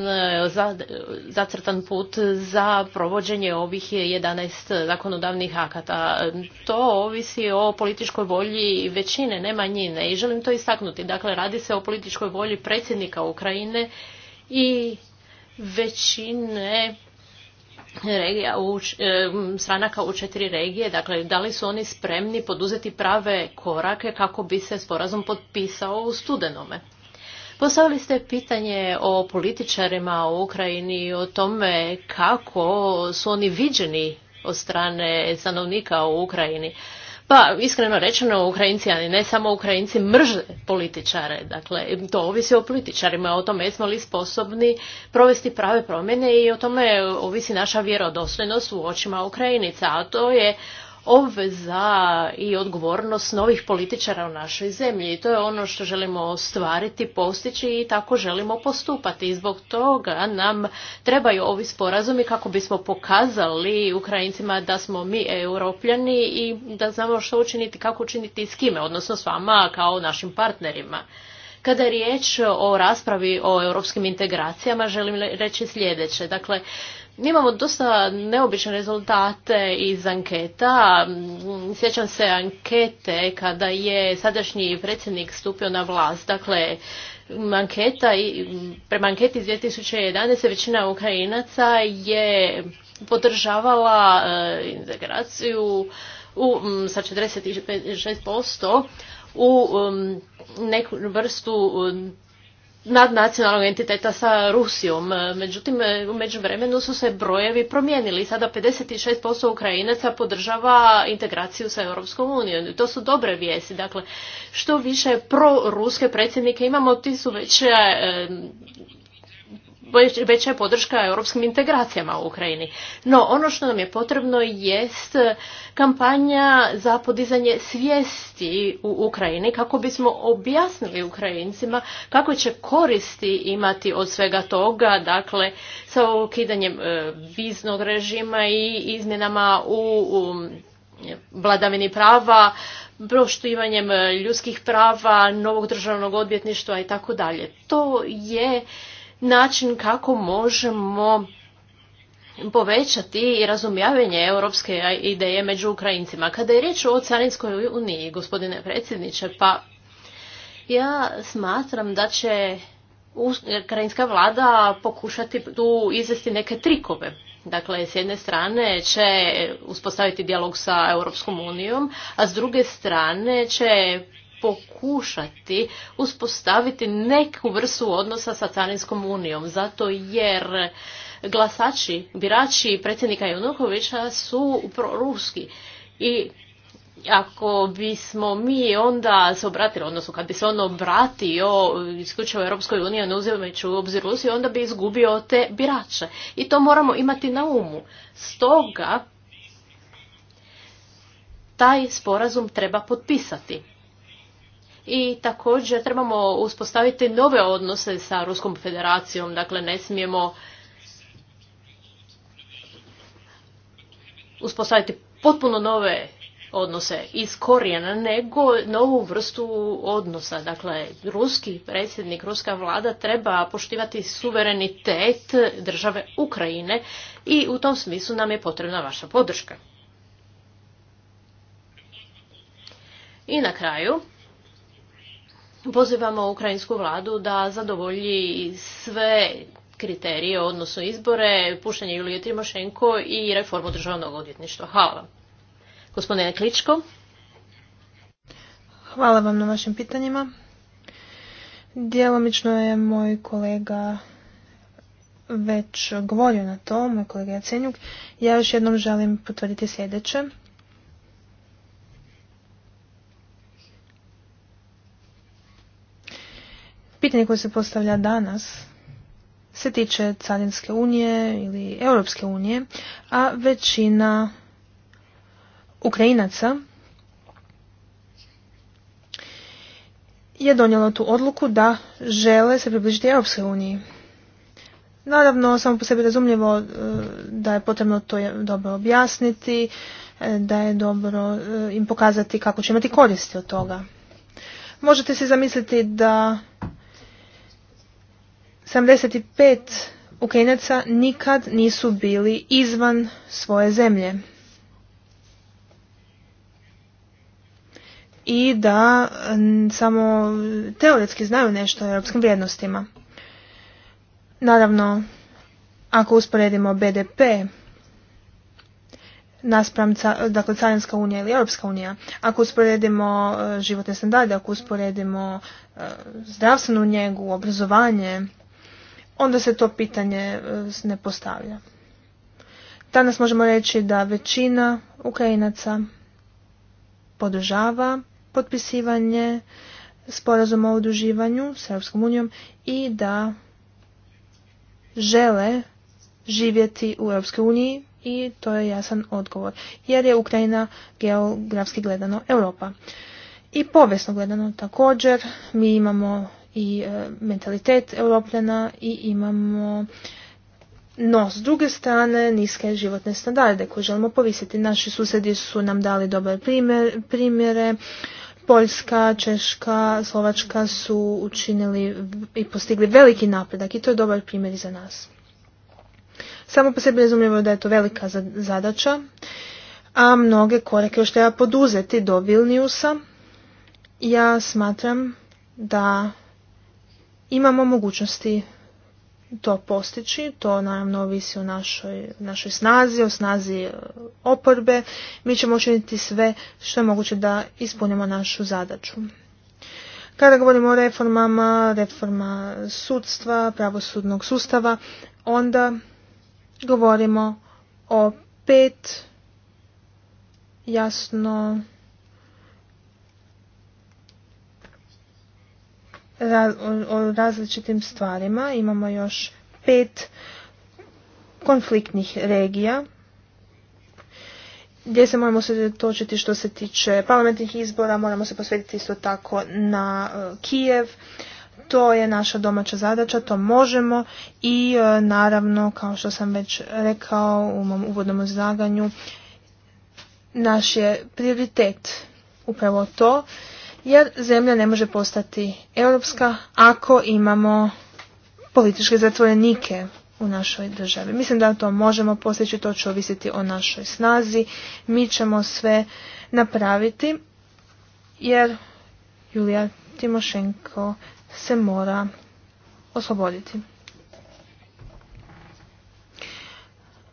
zacrtan put za provođenje ovih 11 zakonodavnih akata. To ovisi o političkoj volji većine, ne manjine i želim to istaknuti. Dakle, radi se o političkoj volji predsjednika Ukrajine i većine regija e, stranaka u četiri regije, dakle da li su oni spremni poduzeti prave korake kako bi se sporazum potpisao u studenome. Postavili ste pitanje o političarima u Ukrajini i o tome kako su oni viđeni od strane stanovnika u Ukrajini. Pa, iskreno rečeno, Ukrajinci, ali ne samo Ukrajinci, mrže političare. Dakle, to ovisi o političarima, o tome jesmo li sposobni provesti prave promjene i o tome ovisi naša vjerodostojnost u očima Ukrajinica. A to je obveza i odgovornost novih političara u našoj zemlji. I to je ono što želimo ostvariti, postići i tako želimo postupati. I zbog toga nam trebaju ovi sporazumi kako bismo pokazali Ukrajincima da smo mi europljani i da znamo što učiniti, kako učiniti i s kime, odnosno s vama kao našim partnerima. Kada je riječ o raspravi o europskim integracijama, želim reći sljedeće. Dakle, Imamo dosta neobične rezultate iz anketa. Mm, sjećam se ankete kada je sadašnji predsjednik stupio na vlast. Dakle, anketa, prema anketi iz 2011. većina Ukrajinaca je podržavala e, integraciju u, sa 46% u neku vrstu nadnacionalnog entiteta sa Rusijom. Međutim, u međuvremenu su se brojevi promijenili. Sada 56% Ukrajinaca podržava integraciju sa Europskom unijom. To su dobre vijesti. Dakle, što više proruske predsjednike imamo, ti su već veća je podrška europskim integracijama u Ukrajini. No, ono što nam je potrebno jest kampanja za podizanje svijesti u Ukrajini kako bismo objasnili Ukrajincima kako će koristi imati od svega toga, dakle sa ukidanjem e, viznog režima i izmjenama u, vladavini prava, proštivanjem e, ljudskih prava, novog državnog odvjetništva i tako dalje. To je način kako možemo povećati i razumijavanje europske ideje među Ukrajincima. Kada je riječ o Carinskoj uniji, gospodine predsjedniče, pa ja smatram da će ukrajinska vlada pokušati tu izvesti neke trikove. Dakle, s jedne strane će uspostaviti dijalog sa Europskom unijom, a s druge strane će pokušati uspostaviti neku vrstu odnosa sa Carinskom unijom, zato jer glasači, birači predsjednika Junukovića su proruski i ako bismo mi onda se obratili, odnosno kad bi se on obratio isključivo Europskoj uniji, ne uzimajući u obzir Rusiju, onda bi izgubio te birače. I to moramo imati na umu. Stoga taj sporazum treba potpisati i također trebamo uspostaviti nove odnose sa Ruskom federacijom, dakle ne smijemo uspostaviti potpuno nove odnose iz korijena, nego novu vrstu odnosa. Dakle, ruski predsjednik, ruska vlada treba poštivati suverenitet države Ukrajine i u tom smislu nam je potrebna vaša podrška. I na kraju, pozivamo ukrajinsku vladu da zadovolji sve kriterije, odnosno izbore, pušenje Julije Trimošenko i reformu državnog odvjetništva. Hvala vam. Gospodine Kličko. Hvala vam na vašim pitanjima. Djelomično je moj kolega već govorio na to, moj kolega Jacenjuk. Ja još jednom želim potvrditi sljedeće. Pitanje koje se postavlja danas se tiče Carinske unije ili Europske unije, a većina Ukrajinaca je donijela tu odluku da žele se približiti Europske uniji. Naravno, samo po sebi razumljivo e, da je potrebno to dobro objasniti, e, da je dobro e, im pokazati kako će imati koristi od toga. Možete si zamisliti da 75 Ukrajinaca nikad nisu bili izvan svoje zemlje. I da samo teoretski znaju nešto o europskim vrijednostima. Naravno, ako usporedimo BDP, naspram dakle, Carinska unija ili Europska unija, ako usporedimo e, životne standarde, ako usporedimo e, zdravstvenu njegu, obrazovanje, onda se to pitanje e, ne postavlja. Danas možemo reći da većina Ukrajinaca podržava potpisivanje sporazuma o oduživanju s Europskom unijom i da žele živjeti u Europskoj uniji i to je jasan odgovor. Jer je Ukrajina geografski gledano Europa. I povijesno gledano također mi imamo i e, mentalitet europljana i imamo no, s druge strane, niske životne standarde koje želimo povisiti. Naši susjedi su nam dali dobre primjere. Poljska, Češka, Slovačka su učinili i postigli veliki napredak i to je dobar primjer i za nas. Samo po sebi razumljivo da je to velika zadaća, a mnoge korake još treba poduzeti do Vilniusa. Ja smatram da imamo mogućnosti to postići, to naravno ovisi o našoj, našoj snazi, o snazi e, oporbe. Mi ćemo učiniti sve što je moguće da ispunimo našu zadaću. Kada govorimo o reformama, reforma sudstva, pravosudnog sustava, onda govorimo o pet jasno o različitim stvarima. Imamo još pet konfliktnih regija gdje se moramo sredotočiti što se tiče parlamentnih izbora, moramo se posvetiti isto tako na e, Kijev. To je naša domaća zadaća, to možemo i e, naravno, kao što sam već rekao u mom uvodnom izlaganju, naš je prioritet upravo to jer zemlja ne može postati europska ako imamo političke zatvorenike u našoj državi. Mislim da to možemo postići, to će ovisiti o našoj snazi. Mi ćemo sve napraviti jer Julija Timošenko se mora osloboditi.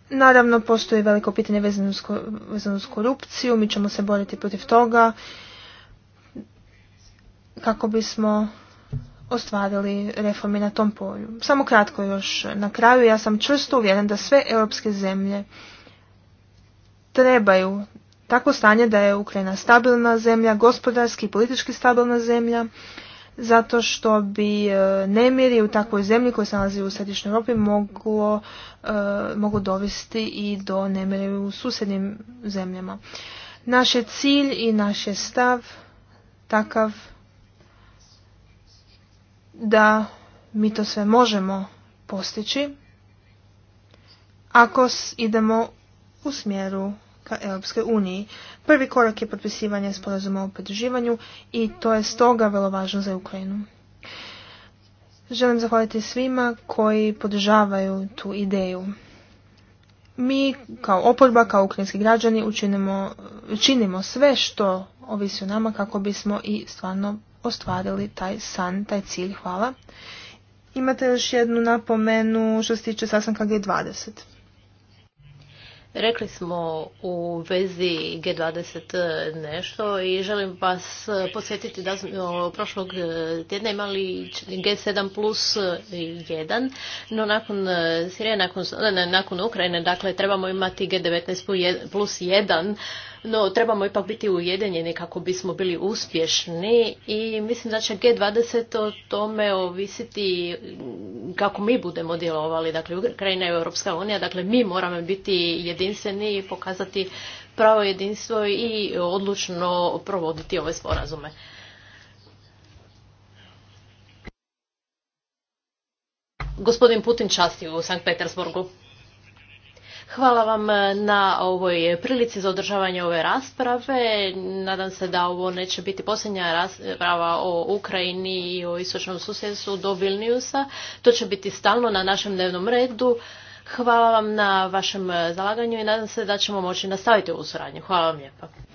Naravno, postoji veliko pitanje vezano uz korupciju, mi ćemo se boriti protiv toga kako bismo ostvarili reforme na tom polju. Samo kratko još na kraju, ja sam čvrsto uvjeren da sve europske zemlje trebaju takvo stanje da je Ukrajina stabilna zemlja, gospodarski i politički stabilna zemlja, zato što bi e, nemiri u takvoj zemlji koja se nalazi u središnjoj Europi moglo, e, dovesti i do nemiri u susjednim zemljama. Naš je cilj i naš je stav takav da mi to sve možemo postići ako idemo u smjeru ka Europskoj uniji. Prvi korak je potpisivanje sporazuma o podrživanju i to je stoga vrlo važno za Ukrajinu. Želim zahvaliti svima koji podržavaju tu ideju. Mi kao oporba, kao ukrajinski građani učinimo, učinimo sve što ovisi o nama kako bismo i stvarno ostvarili taj san, taj cilj. Hvala. Imate još jednu napomenu što se tiče sasanka G20. Rekli smo u vezi G20 nešto i želim vas posjetiti da smo prošlog tjedna imali G7 plus 1, no nakon Sirije, nakon, nakon Ukrajine, dakle trebamo imati G19 plus 1 no trebamo ipak biti ujedinjeni kako bismo bili uspješni i mislim da će G20 o tome ovisiti kako mi budemo djelovali, dakle Ukrajina i Europska unija, dakle mi moramo biti jedinstveni i pokazati pravo jedinstvo i odlučno provoditi ove sporazume. Gospodin Putin časti u Sankt Petersburgu. Hvala vam eh, na ovoj prilici za održavanje ove rasprave. Nadam se da ovo neće biti posljednja rasprava o Ukrajini i o istočnom susjedstvu do Vilniusa. To će biti stalno na našem dnevnom redu. Hvala vam na vašem zalaganju i nadam se da ćemo moći nastaviti ovu suradnju. Hvala vam lijepa.